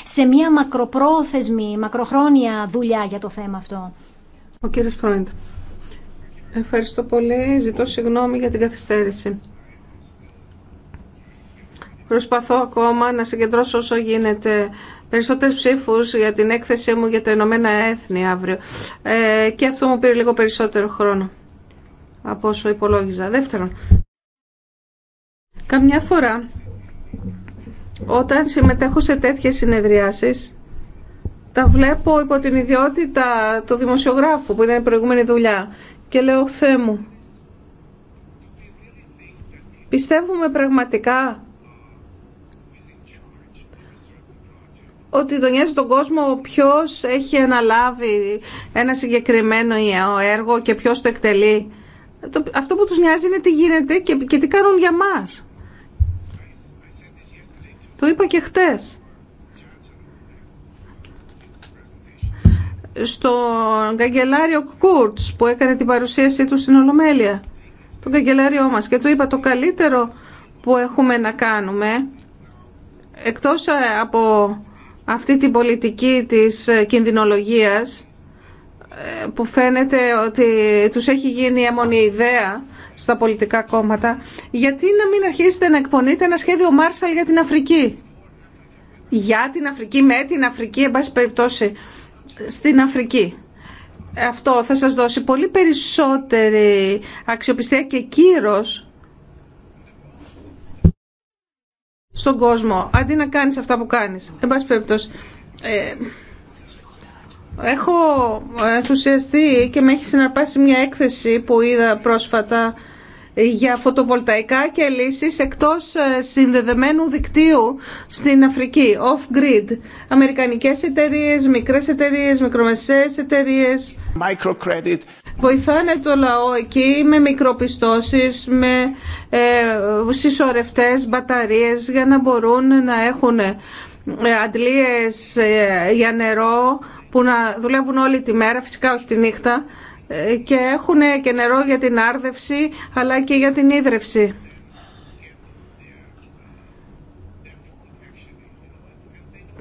σε μια μακροπρόθεσμη, μακροχρόνια δουλειά για το θέμα αυτό. Ο κύριος Φρόντ, Ευχαριστώ πολύ. Ζητώ συγγνώμη για την καθυστέρηση. Προσπαθώ ακόμα να συγκεντρώσω όσο γίνεται περισσότερες ψήφους για την έκθεσή μου για τα Ηνωμένα Έθνη αύριο. Ε, και αυτό μου πήρε λίγο περισσότερο χρόνο από όσο υπολόγιζα. Δεύτερον, καμιά φορά όταν συμμετέχω σε τέτοιες συνεδριάσεις τα βλέπω υπό την ιδιότητα του δημοσιογράφου που ήταν η προηγούμενη δουλειά και λέω Θεέ μου πιστεύουμε πραγματικά ότι τον νοιάζει τον κόσμο ποιος έχει αναλάβει ένα συγκεκριμένο έργο και ποιος το εκτελεί. Αυτό που τους νοιάζει είναι τι γίνεται και τι κάνουν για μας. Το είπα και χτες. Στον καγκελάριο Κούρτς που έκανε την παρουσίασή του στην Ολομέλεια. Τον καγκελάριό μας. Και του είπα το καλύτερο που έχουμε να κάνουμε εκτός από αυτή την πολιτική της κινδυνολογίας ε, που φαίνεται ότι τους έχει γίνει η ιδέα στα πολιτικά κόμματα, γιατί να μην αρχίσετε να εκπονείτε ένα σχέδιο Μάρσαλ για την Αφρική. Για την Αφρική, με την Αφρική, εν πάση περιπτώσει, στην Αφρική. Αυτό θα σας δώσει πολύ περισσότερη αξιοπιστία και κύρος στον κόσμο, αντί να κάνεις αυτά που κάνεις. Εν πάση περιπτώσει, ε, Έχω ενθουσιαστεί και με έχει συναρπάσει μια έκθεση που είδα πρόσφατα για φωτοβολταϊκά και λύσεις εκτός ε, συνδεδεμένου δικτύου στην Αφρική, off-grid. Αμερικανικές εταιρείες, μικρές εταιρείες, μικρομεσαίες εταιρείες. Microcredit. Βοηθάνε το λαό εκεί με μικροπιστώσεις, με ε, συσσωρευτές, μπαταρίες για να μπορούν να έχουν ε, αντλίες ε, για νερό, που να δουλεύουν όλη τη μέρα, φυσικά όχι τη νύχτα, ε, και έχουν και νερό για την άρδευση αλλά και για την ίδρυυση.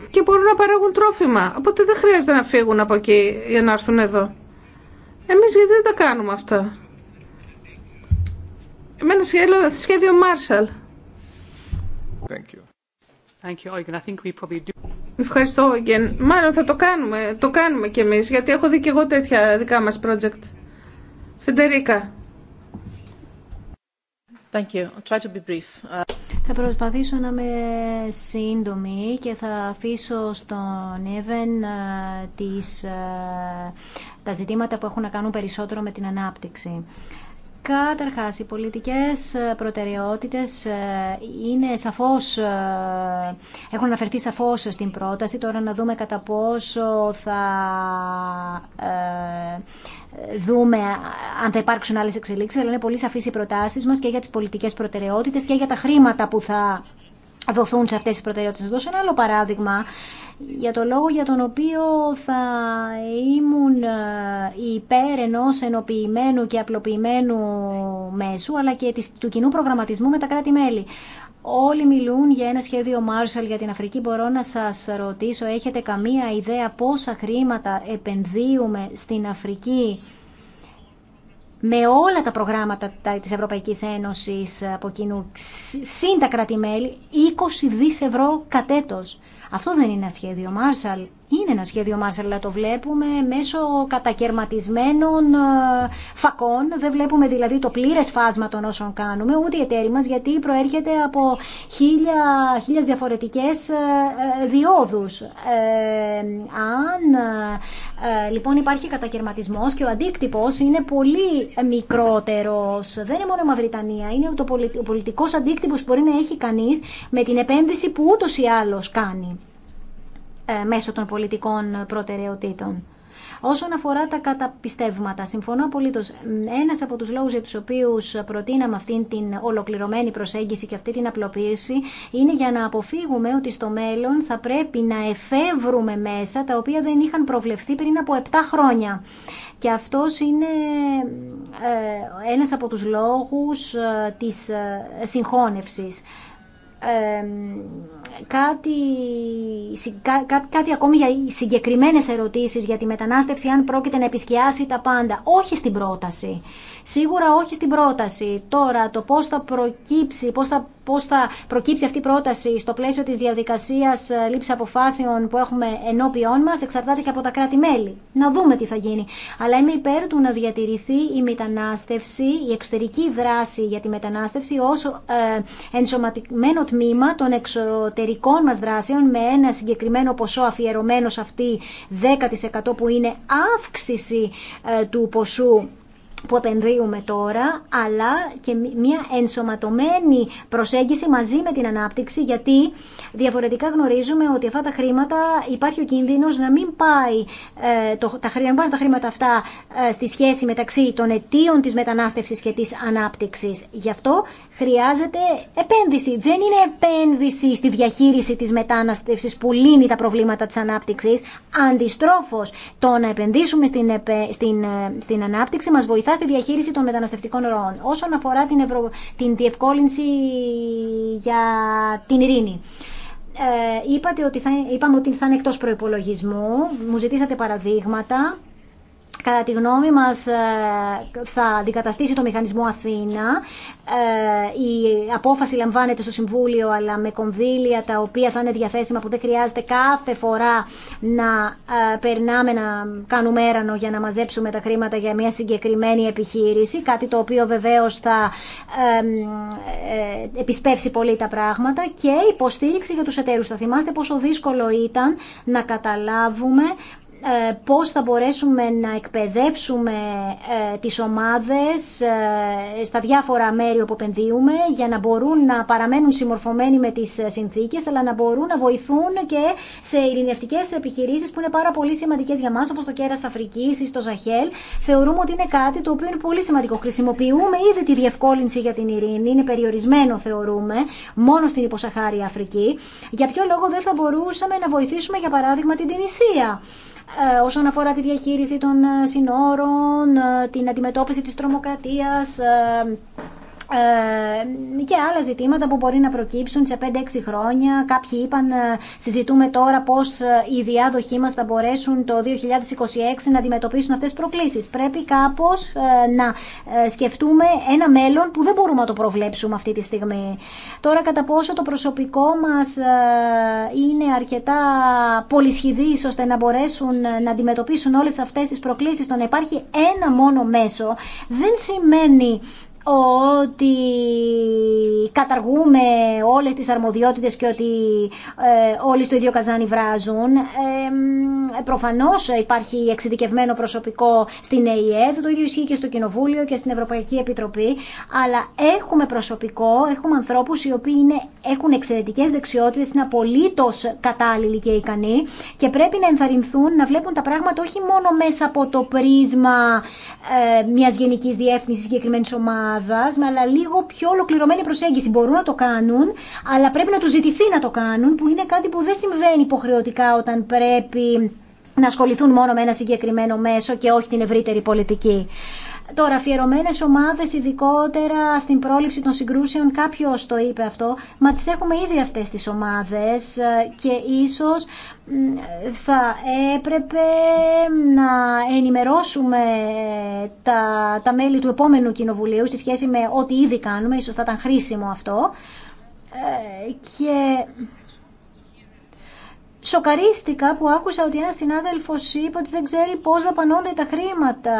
Και μπορούν να παράγουν τρόφιμα. Οπότε δεν χρειάζεται να φύγουν από εκεί για να έρθουν εδώ. Εμείς γιατί δεν τα κάνουμε αυτά. Εμένα ένα σχέδιο, σχέδιο Marshall. Thank you. Thank you, I think we probably do. Ευχαριστώ, και Μάλλον θα το κάνουμε. Το κάνουμε κι εμείς, γιατί έχω δει και εγώ τέτοια δικά μας project. Φεντερίκα. Thank you. I'll try to be brief. Θα προσπαθήσω να είμαι σύντομη και θα αφήσω στον Εύεν ε, τις, ε, τα ζητήματα που έχουν να κάνουν περισσότερο με την ανάπτυξη. Καταρχάς, οι πολιτικές ε, προτεραιότητες ε, είναι σαφώς, ε, έχουν αναφερθεί σαφώς στην πρόταση. Τώρα να δούμε κατά πόσο θα δούμε αν θα υπάρξουν άλλες εξελίξεις, αλλά είναι πολύ σαφείς οι προτάσεις μας και για τις πολιτικές προτεραιότητες και για τα χρήματα που θα δοθούν σε αυτές τις προτεραιότητες. Θα δώσω ένα άλλο παράδειγμα για το λόγο για τον οποίο θα ήμουν ε, υπέρ ενό ενοποιημένου και απλοποιημένου μέσου, αλλά και του κοινού προγραμματισμού με τα κράτη-μέλη. Όλοι μιλούν για ένα σχέδιο Marshall για την Αφρική. Μπορώ να σας ρωτήσω, έχετε καμία ιδέα πόσα χρήματα επενδύουμε στην Αφρική με όλα τα προγράμματα της Ευρωπαϊκής Ένωσης από κοινού, συν τα κράτη-μέλη, 20 δις ευρώ κατέτος. Αυτό δεν είναι σχέδιο Μάρσαλ είναι ένα σχέδιο μας, αλλά το βλέπουμε μέσω κατακαιρματισμένων ε, φακών. Δεν βλέπουμε δηλαδή το πλήρες φάσμα των όσων κάνουμε, ούτε οι εταίροι μα, γιατί προέρχεται από χίλια, διαφορετικέ διαφορετικές ε, ε, διόδους. Ε, αν λοιπόν υπάρχει κατακαιρματισμό και ο αντίκτυπο είναι πολύ μικρότερος. Δεν είναι μόνο η Μαυριτανία, είναι ο πολιτικό αντίκτυπο που μπορεί να έχει κανεί με την επένδυση που ούτω ή άλλω κάνει. Ε, μέσω των πολιτικών προτεραιοτήτων. Όσον αφορά τα καταπιστεύματα, συμφωνώ απολύτω. Ένα από του λόγου για του οποίου προτείναμε αυτή την ολοκληρωμένη προσέγγιση και αυτή την απλοποίηση είναι για να αποφύγουμε ότι στο μέλλον θα πρέπει να εφεύρουμε μέσα τα οποία δεν είχαν προβλεφθεί πριν από 7 χρόνια. Και αυτό είναι ε, ένα από τους λόγους ε, της συγχώνευσης κάτι, κάτι ακόμη για συγκεκριμένες ερωτήσεις για τη μετανάστευση αν πρόκειται να επισκιάσει τα πάντα. Όχι στην πρόταση. Σίγουρα όχι στην πρόταση. Τώρα το πώς θα προκύψει, πώς θα, προκύψει αυτή η πρόταση στο πλαίσιο της διαδικασίας ε, λήψη αποφάσεων που έχουμε ενώπιόν μας εξαρτάται και από τα κράτη-μέλη. Να δούμε τι θα γίνει. Αλλά είμαι υπέρ του να διατηρηθεί η μετανάστευση, η εξωτερική δράση για τη μετανάστευση όσο ε, τμήμα τμήμα των εξωτερικών μας δράσεων με ένα συγκεκριμένο ποσό αφιερωμένο σε αυτή 10% που είναι αύξηση ε, του ποσού που επενδύουμε τώρα, αλλά και μια ενσωματωμένη προσέγγιση μαζί με την ανάπτυξη, γιατί διαφορετικά γνωρίζουμε ότι αυτά τα χρήματα υπάρχει ο κίνδυνος να μην πάει ε, το, τα, να τα χρήματα αυτά ε, στη σχέση μεταξύ των αιτίων της μετανάστευσης και της ανάπτυξης. Γι' αυτό χρειάζεται επένδυση. Δεν είναι επένδυση στη διαχείριση της μετανάστευσης που λύνει τα προβλήματα της ανάπτυξης. Αντιστρόφως, το να επενδύσουμε στην, στην, ε, στην ανάπτυξη μας βοηθάει βοηθά στη διαχείριση των μεταναστευτικών ροών. Όσον αφορά την, την διευκόλυνση για την ειρήνη. Ε, είπατε ότι είπαμε ότι θα είναι εκτός προϋπολογισμού, μου ζητήσατε παραδείγματα κατά τη γνώμη μας ε, θα αντικαταστήσει το μηχανισμό Αθήνα. Ε, η απόφαση λαμβάνεται στο Συμβούλιο αλλά με κονδύλια τα οποία θα είναι διαθέσιμα που δεν χρειάζεται κάθε φορά να ε, περνάμε να κάνουμε έρανο για να μαζέψουμε τα χρήματα για μια συγκεκριμένη επιχείρηση. Κάτι το οποίο βεβαίως θα επισπεύσει πολύ τα πράγματα και υποστήριξη για τους εταίρους. Θα θυμάστε πόσο δύσκολο ήταν να καταλάβουμε ε, πώς θα μπορέσουμε να εκπαιδεύσουμε ε, τις ομάδες ε, στα διάφορα μέρη όπου επενδύουμε για να μπορούν να παραμένουν συμμορφωμένοι με τις συνθήκες αλλά να μπορούν να βοηθούν και σε ειρηνευτικές επιχειρήσεις που είναι πάρα πολύ σημαντικές για μας όπως το κέρας Αφρικής ή στο Ζαχέλ. Θεωρούμε ότι είναι κάτι το οποίο είναι πολύ σημαντικό. Χρησιμοποιούμε ήδη τη διευκόλυνση για την ειρήνη, είναι περιορισμένο θεωρούμε, μόνο στην υποσαχάρια Αφρική. Για ποιο λόγο δεν θα μπορούσαμε να βοηθήσουμε για παράδειγμα την Τινησία ε, όσον αφορά τη διαχείριση των ε, συνόρων, ε, την αντιμετώπιση της τρομοκρατίας, ε, και άλλα ζητήματα που μπορεί να προκύψουν σε 5-6 χρόνια. Κάποιοι είπαν, ε, συζητούμε τώρα πώς ε, οι διάδοχοί μας θα μπορέσουν το 2026 να αντιμετωπίσουν αυτές τις προκλήσεις. Πρέπει κάπως να σκεφτούμε ένα μέλλον που δεν μπορούμε να το προβλέψουμε αυτή τη στιγμή. Τώρα κατά πόσο το προσωπικό μας είναι αρκετά πολυσχηδή ώστε να μπορέσουν να αντιμετωπίσουν όλε αυτέ τι προκλήσει το να υπάρχει ένα μόνο μέσο δεν σημαίνει ότι καταργούμε όλες τις αρμοδιότητες και ότι ε, όλοι στο ίδιο καζάνι βράζουν. Προφανώς υπάρχει εξειδικευμένο προσωπικό στην ΕΕΔ, το ίδιο ισχύει και στο Κοινοβούλιο και στην Ευρωπαϊκή Επιτροπή, αλλά έχουμε προσωπικό, έχουμε ανθρώπους οι οποίοι είναι, έχουν εξαιρετικές δεξιότητες, είναι απολύτως κατάλληλοι και ικανοί και πρέπει να ενθαρρυνθούν να βλέπουν τα πράγματα όχι μόνο μέσα από το πρίσμα ε, μιας γενικής διεύθυνσης συγκεκριμένη ομάδα αλλά λίγο πιο ολοκληρωμένη προσέγγιση. Μπορούν να το κάνουν, αλλά πρέπει να του ζητηθεί να το κάνουν, που είναι κάτι που δεν συμβαίνει υποχρεωτικά όταν πρέπει να ασχοληθούν μόνο με ένα συγκεκριμένο μέσο και όχι την ευρύτερη πολιτική. Τώρα, αφιερωμένε ομάδε, ειδικότερα στην πρόληψη των συγκρούσεων, κάποιο το είπε αυτό, μα τι έχουμε ήδη αυτέ τι ομάδε ε, και ίσω θα έπρεπε να ενημερώσουμε ε, τα, τα μέλη του επόμενου κοινοβουλίου σε σχέση με ό,τι ήδη κάνουμε, ίσως θα ήταν χρήσιμο αυτό. Ε, και σοκαρίστηκα που άκουσα ότι ένα συνάδελφο είπε ότι δεν ξέρει πώς δαπανώνται τα χρήματα.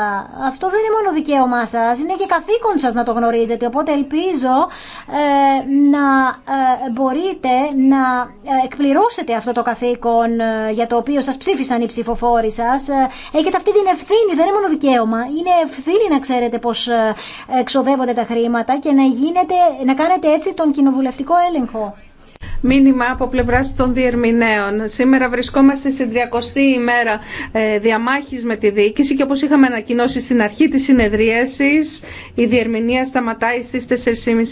Αυτό δεν είναι μόνο δικαίωμά σα, είναι και καθήκον σα να το γνωρίζετε. Οπότε ελπίζω ε, να ε, μπορείτε να ε, εκπληρώσετε αυτό το καθήκον για το οποίο σα ψήφισαν οι ψηφοφόροι σα. Έχετε αυτή την ευθύνη, δεν είναι μόνο δικαίωμα. Είναι ευθύνη να ξέρετε πώ εξοδεύονται τα χρήματα και να κάνετε έτσι τον κοινοβουλευτικό έλεγχο. Μήνυμα από πλευρά των διερμηνέων. Σήμερα βρισκόμαστε στην 30η ημέρα ε, διαμάχης με τη διοίκηση και όπως είχαμε ανακοινώσει στην αρχή της συνεδρίασης, η διερμηνία σταματάει στις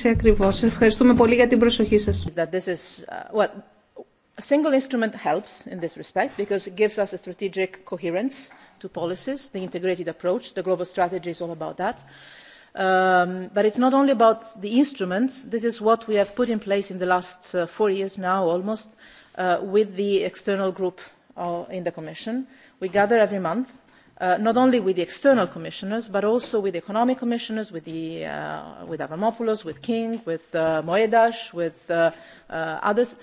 4.30 ακριβώς. Ευχαριστούμε πολύ για την προσοχή σας. Uh, a single instrument helps in this respect because it gives us a strategic coherence to policies, the integrated approach, the global strategy is all about that. But it's not only about the instruments. This is what we have put in place in the last four years now, almost, with the external group in the Commission. We gather every month, not only with the external commissioners, but also with the economic commissioners, with Avramopoulos, with King, with Moedas, with others,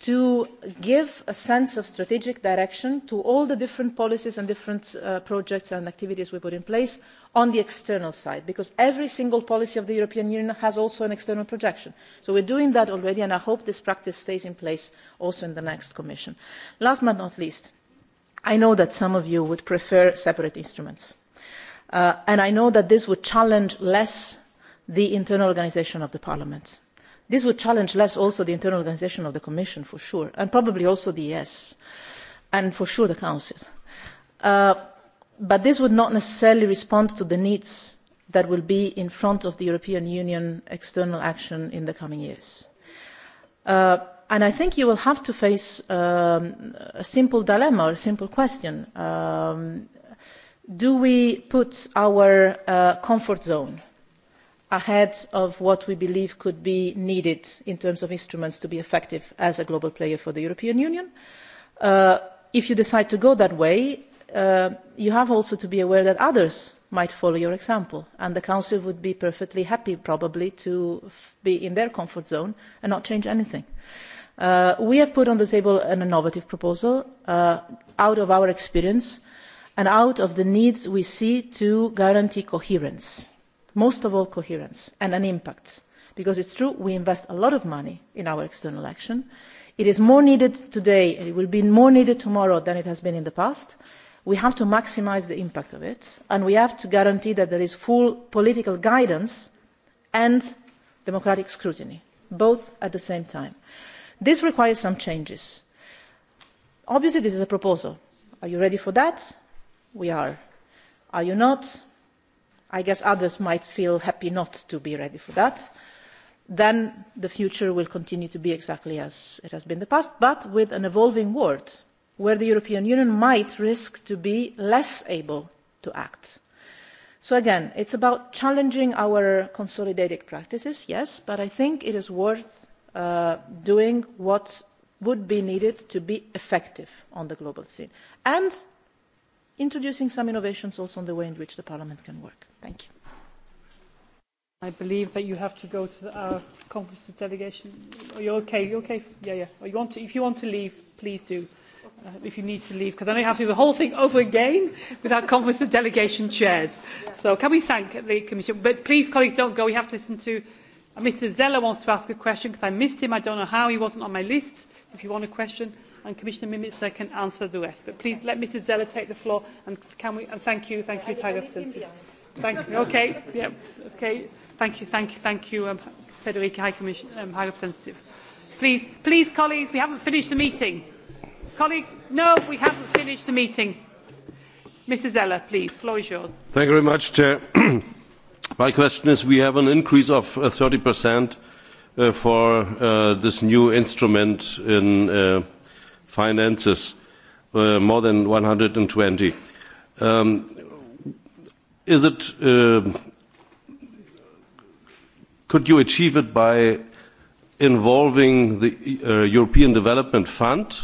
to give a sense of strategic direction to all the different policies and different projects and activities we put in place on the external side because every single policy of the european union has also an external projection so we are doing that already and i hope this practice stays in place also in the next commission. last but not least i know that some of you would prefer separate instruments and i know that this would challenge less the internal organisation of the parliament. this would challenge less also the internal organisation of the commission for sure and probably also the es and for sure the council But this would not necessarily respond to the needs that will be in front of the European Union external action in the coming years. And I think you will have to face a simple dilemma, or a simple question. Do we put our comfort zone ahead of what we believe could be needed in terms of instruments to be effective as a global player for the European Union? If you decide to go that way, you have also to be aware that others might follow your example and the council would be perfectly happy probably to be in their comfort zone and not change anything. we have put on the table an innovative proposal out of our experience and out of the needs we see to guarantee coherence most of all coherence and an impact because it's true we invest a lot of money in our external action it is more needed today and it will be more needed tomorrow than it has been in the past we have to maximise the impact of it and we have to guarantee that there is full political guidance and democratic scrutiny both at the same time. this requires some changes. obviously this is a proposal. are you ready for that? we are. are you not? i guess others might feel happy not to be ready for that. then the future will continue to be exactly as it has been in the past but with an evolving world where the European Union might risk to be less able to act. So again, it's about challenging our consolidated practices, yes, but I think it is worth doing what would be needed to be effective on the global scene and introducing some innovations also on the way in which the Parliament can work. Thank you. I believe that you have to go to the conference delegation. Are you okay? okay? Yeah, yeah. If you want to leave, please do. Uh if you need to leave, because then I have to do the whole thing over again with our conference of delegation chairs. So can we thank the Commission? But please, colleagues, don't go. We have to listen to. Mr. Zeller wants to ask a question because I missed him. I don't know how. He wasn't on my list. If you want a question, and Commissioner Mimitzer can answer the rest. But please let Mr. Zeller take the floor. And can we? And thank you. Thank you, Tiger. Thank you. Okay. Yeah. Okay. Thank you. Thank you. Thank you, um, Federica, High, Commission, um, High Representative. Please, please, colleagues, we haven't finished the meeting. Colleagues, no, we haven't finished the meeting. Mrs. Eller, please, floor is yours. Thank you very much, Chair. My question is, we have an increase of 30% for this new instrument in finances, more than 120. Is it? Could you achieve it by involving the European Development Fund?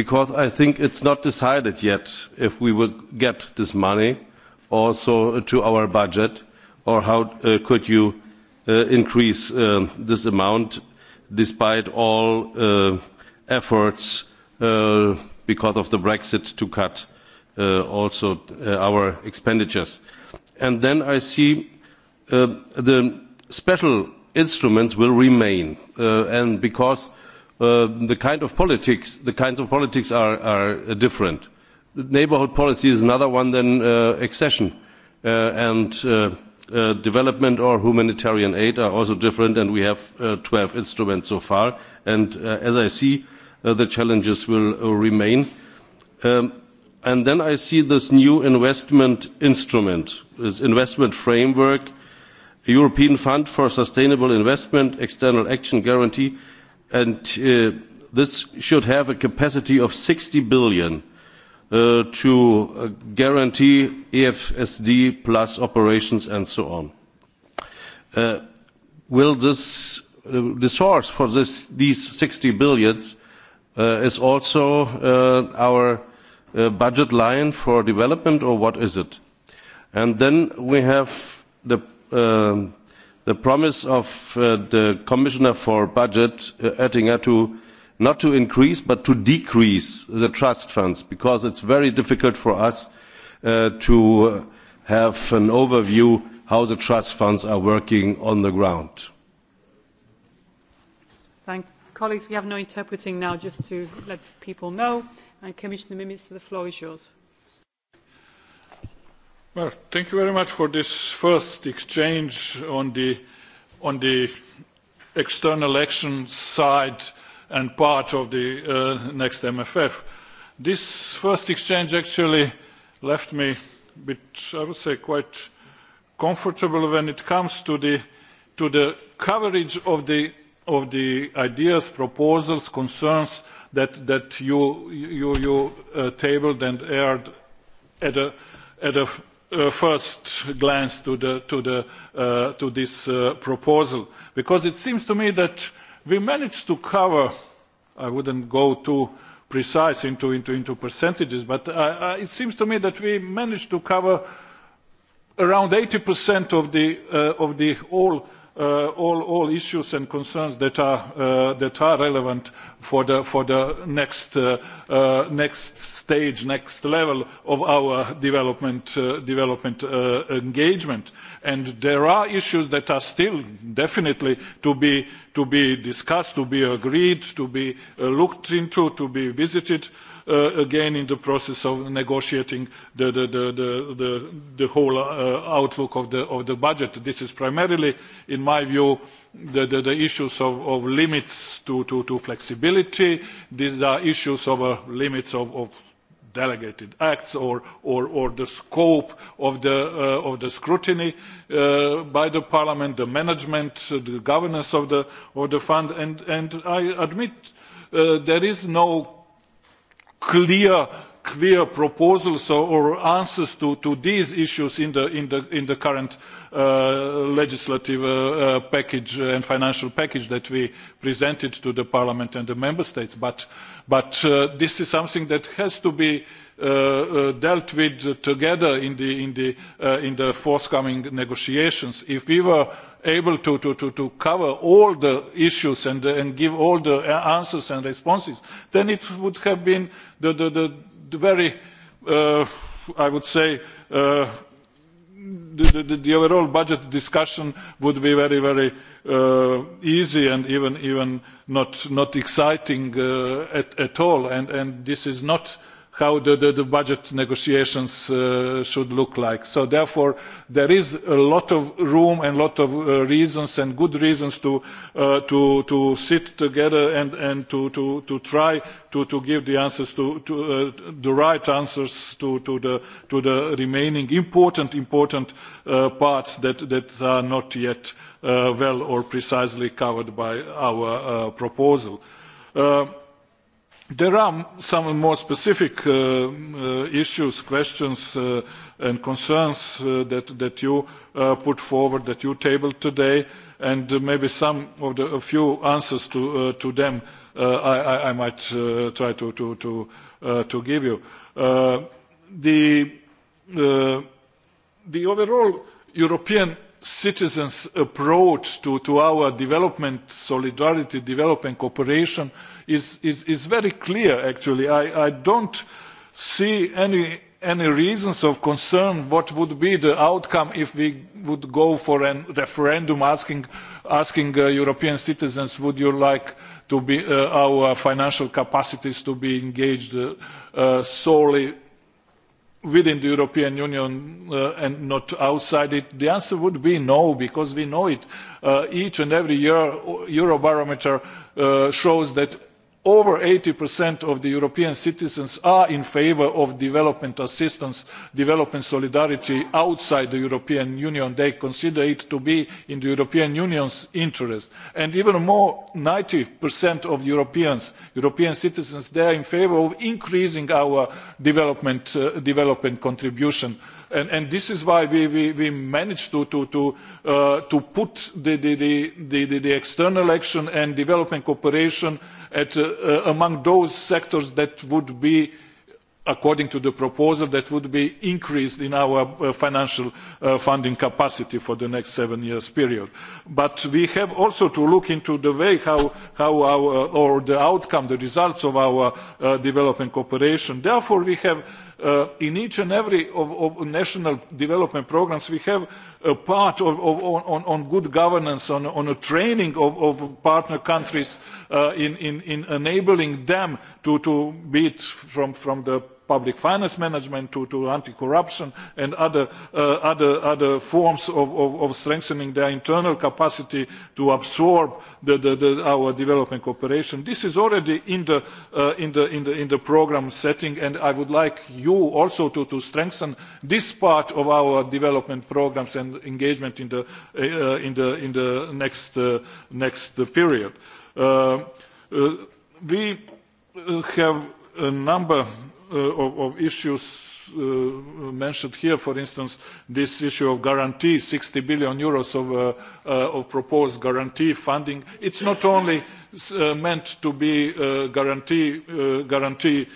because I think it's not decided yet if we will get this money also to our budget or how could you increase this amount despite all efforts because of the Brexit to cut also our expenditures. And then I see the special instruments will remain and because the kind of politics the kinds of politics are different. neighbourhood policy is another one than accession and development or humanitarian aid are also different and we have 12 instruments so far and as i see the challenges will remain and then i see this new investment instrument this investment framework european fund for sustainable investment external action guarantee and this should have a capacity of 60 billion to guarantee EFSD plus operations and so on. Will this the source for this these 60 billions is also our budget line for development or what is it? And then we have the the promise of the Commissioner for Budget, Oettinger, to not to increase but to decrease the trust funds, because it's very difficult for us to have an overview how the trust funds are working on the ground. Thank colleagues. We have no interpreting now, just to let people know. And Commissioner Mimitz, the floor is yours. Well, thank you very much for this first exchange on the external action side and part of the next MFF. This first exchange actually left me a bit, I would say, quite comfortable when it comes to the coverage of the ideas, proposals, concerns that you tabled and aired at a first glance to this proposal, because it seems to me that we managed to cover, I wouldn't go too precise into percentages, but it seems to me that we managed to cover around 80% of the all all issues and concerns that are relevant for the next stage, next level of our development engagement. And there are issues that are still definitely to be discussed, to be agreed, to be looked into, to be visited again in the process of negotiating the the the the the whole outlook of the of the budget. This is primarily, in my view, the the issues of limits to to flexibility. These are issues of limits of delegated acts or or or the scope of the of the scrutiny by the parliament the management the governance of the of the fund and i admit there is no clear clear proposals or answers to these issues in the current legislative package and financial package that we presented to the Parliament and the Member States. But this is something that has to be dealt with together in the forthcoming negotiations. If we were able to cover all the issues and give all the answers and responses, then it would have been the very, I would say, the overall budget discussion would be very, very easy and even not exciting at all. And this is not how the budget negotiations should look like. So therefore there is a lot of room and a lot of reasons and good reasons to sit together and to try to give the answers to the right answers to the remaining important important parts that are not yet well or precisely covered by our proposal. There are some more specific issues, questions and concerns that you put forward, that you tabled today, and maybe some of the a few answers to them I might try to give you. The overall European citizens' approach to our development, solidarity, development cooperation is very clear, actually. I don't see any any reasons of concern what would be the outcome if we would go for a referendum asking asking European citizens would you like to be our financial capacities to be engaged solely within the European Union and not outside it? The answer would be no, because we know it. Each and every year Eurobarometer shows that over 80% of the European citizens are in favour of development assistance, development solidarity outside the European Union. They consider it to be in the European Union's interest. And even more, 90% of Europeans, European citizens, they are in favour of increasing our development contribution. And this is why we managed to put the external action and development cooperation among those sectors that would be according to the proposal that would be increased in our financial funding capacity for the next seven years period. But we have also to look into the way how our or the outcome, the results of our development cooperation. Therefore we have in each and every of national development programmes we have a part on good governance, on a training of partner countries in enabling them to, beat from from the public finance management to anti-corruption and other forms of strengthening their internal capacity to absorb our development cooperation. This is already in the program setting and I would like you also to strengthen this part of our development programs and engagement in the next period. We have a number of issues mentioned here, for instance, this issue of guarantee, 60 billion euros of proposed guarantee funding. It's not only meant to be guarantee guarantee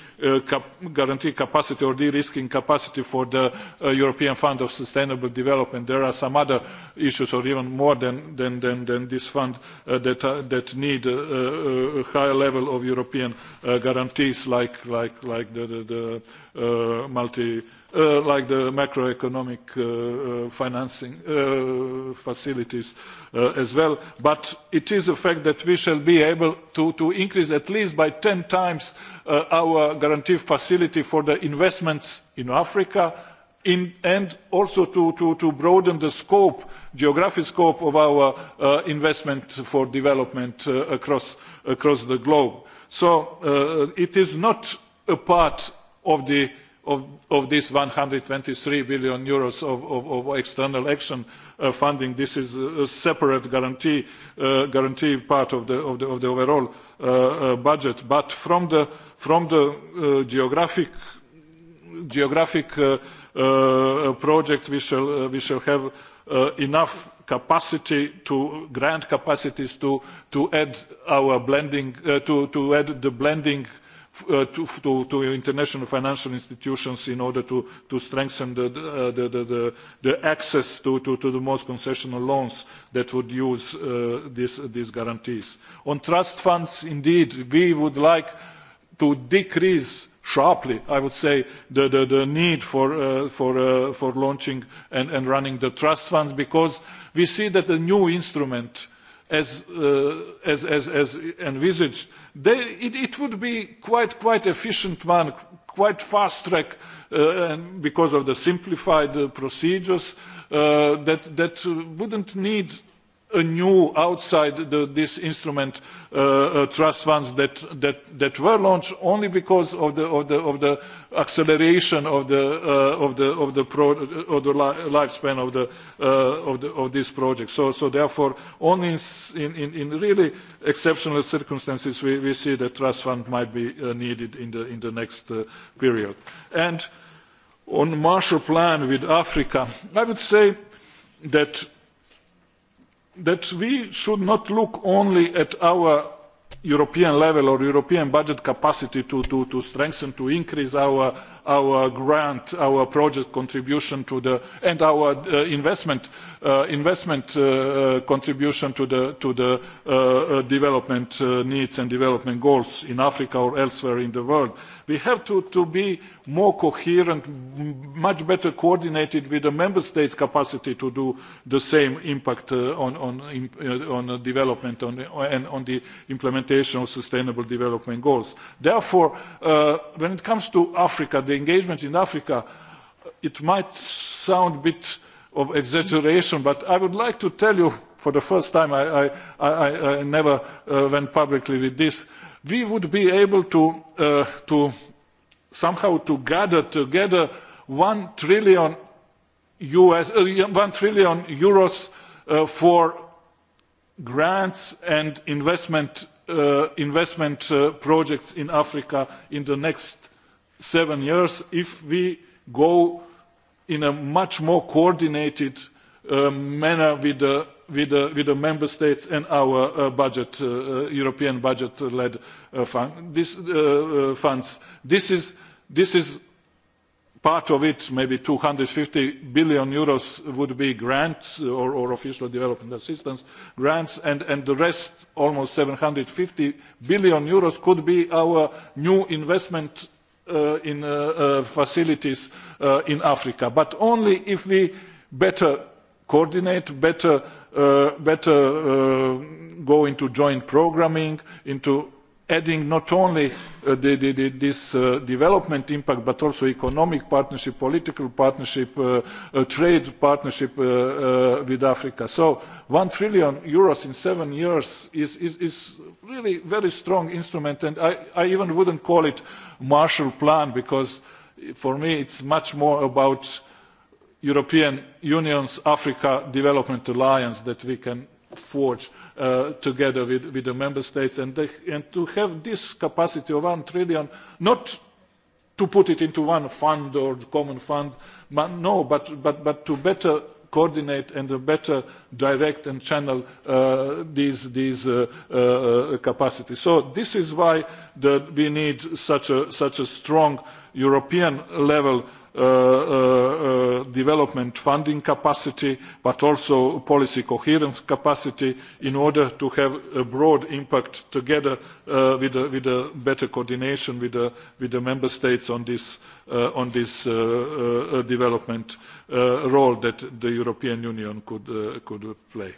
guarantee capacity or de-risking capacity for the European Fund of Sustainable Development. There are some other issues, or even more than than than this fund, that that need a higher level of European guarantees, like like like the multi like the macroeconomic financing facilities as well. But it is a fact that we shall be able to increase at least by 10 times our guarantee facility for the investments in Africa and also to broaden the scope, geographic scope of our investment for development across the globe. So it is not a part of the of this 123 billion euros of external action funding. This is a separate guarantee part of the overall budget. But from the geographic projects, we shall have enough capacity to grant capacities to add our blending, to add the blending to international financial institutions in order to strengthen the access to the most concessional loans that would use these guarantees. On trust funds, indeed, we would like to decrease sharply, I would say, the need for launching and running the trust funds because we see that the new instrument as envisaged, it would be quite quite efficient one, quite fast track because of the simplified procedures that that wouldn't need A new outside this instrument trust funds that were launched only because of the acceleration of the lifespan of this project. So therefore, only in really exceptional circumstances we see that trust fund might be needed in the next period. And on Marshall Plan with Africa, I would say that that we should not look only at our European level or European budget capacity to strengthen, to increase our grant, our project contribution to the and our investment contribution to the development needs and development goals in Africa or elsewhere in the world. We have to be more coherent, much better coordinated with the member states' capacity to do the same impact on development and on the implementation of sustainable development goals. Therefore, when it comes to Africa, the engagement in Africa, it might sound a bit of exaggeration, but I would like to tell you for the first time, I never went publicly with this, we would be able to somehow to gather together 1 trillion euros for grants and investment investment projects in Africa in the next seven years if we go in a much more coordinated manner with the with the member states and our budget european budget led funds this is this is part of it maybe 250 billion euros would be grants or official development assistance grants and the rest almost 750 billion euros could be our new investment in facilities in africa but only if we better coordinate better better go into joint programming into adding not only this development impact but also economic partnership political partnership trade partnership with africa so one trillion euros in seven years is is really very strong instrument and i i even wouldn't call it marshall plan because for me it's much more about European Union's Africa Development Alliance that we can forge together with the Member States and to have this capacity of one trillion, not to put it into one fund or common fund, but no, but to better coordinate and better direct and channel these capacities. So this is why we need such a strong European level development funding capacity, but also policy coherence capacity in order to have a broad impact together with a better coordination with the member states on this development role that the European Union could play.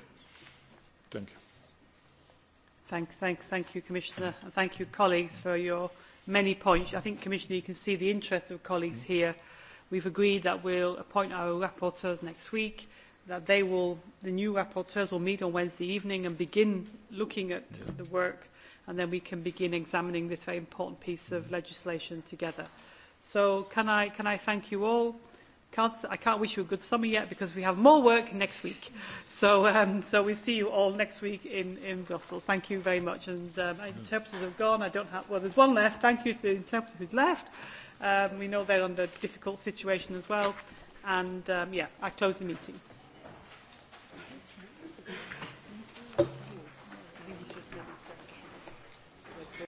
Thank you. Thank you, Commissioner, and thank you, colleagues, for your many points. I think, Commissioner, you can see the interest of colleagues here We've agreed that we'll appoint our rapporteurs next week, that they will the new rapporteurs will meet on Wednesday evening and begin looking at the work and then we can begin examining this very important piece of legislation together. So can I can I thank you all? I can't wish you a good summer yet because we have more work next week. So, um, so we see you all next week in, in Brussels. Thank you very much. And um, interpreters have gone. I don't have, well, there's one left. Thank you to the interpreter who's left. We know they're under a difficult situation as well. And, yeah, I close the meeting.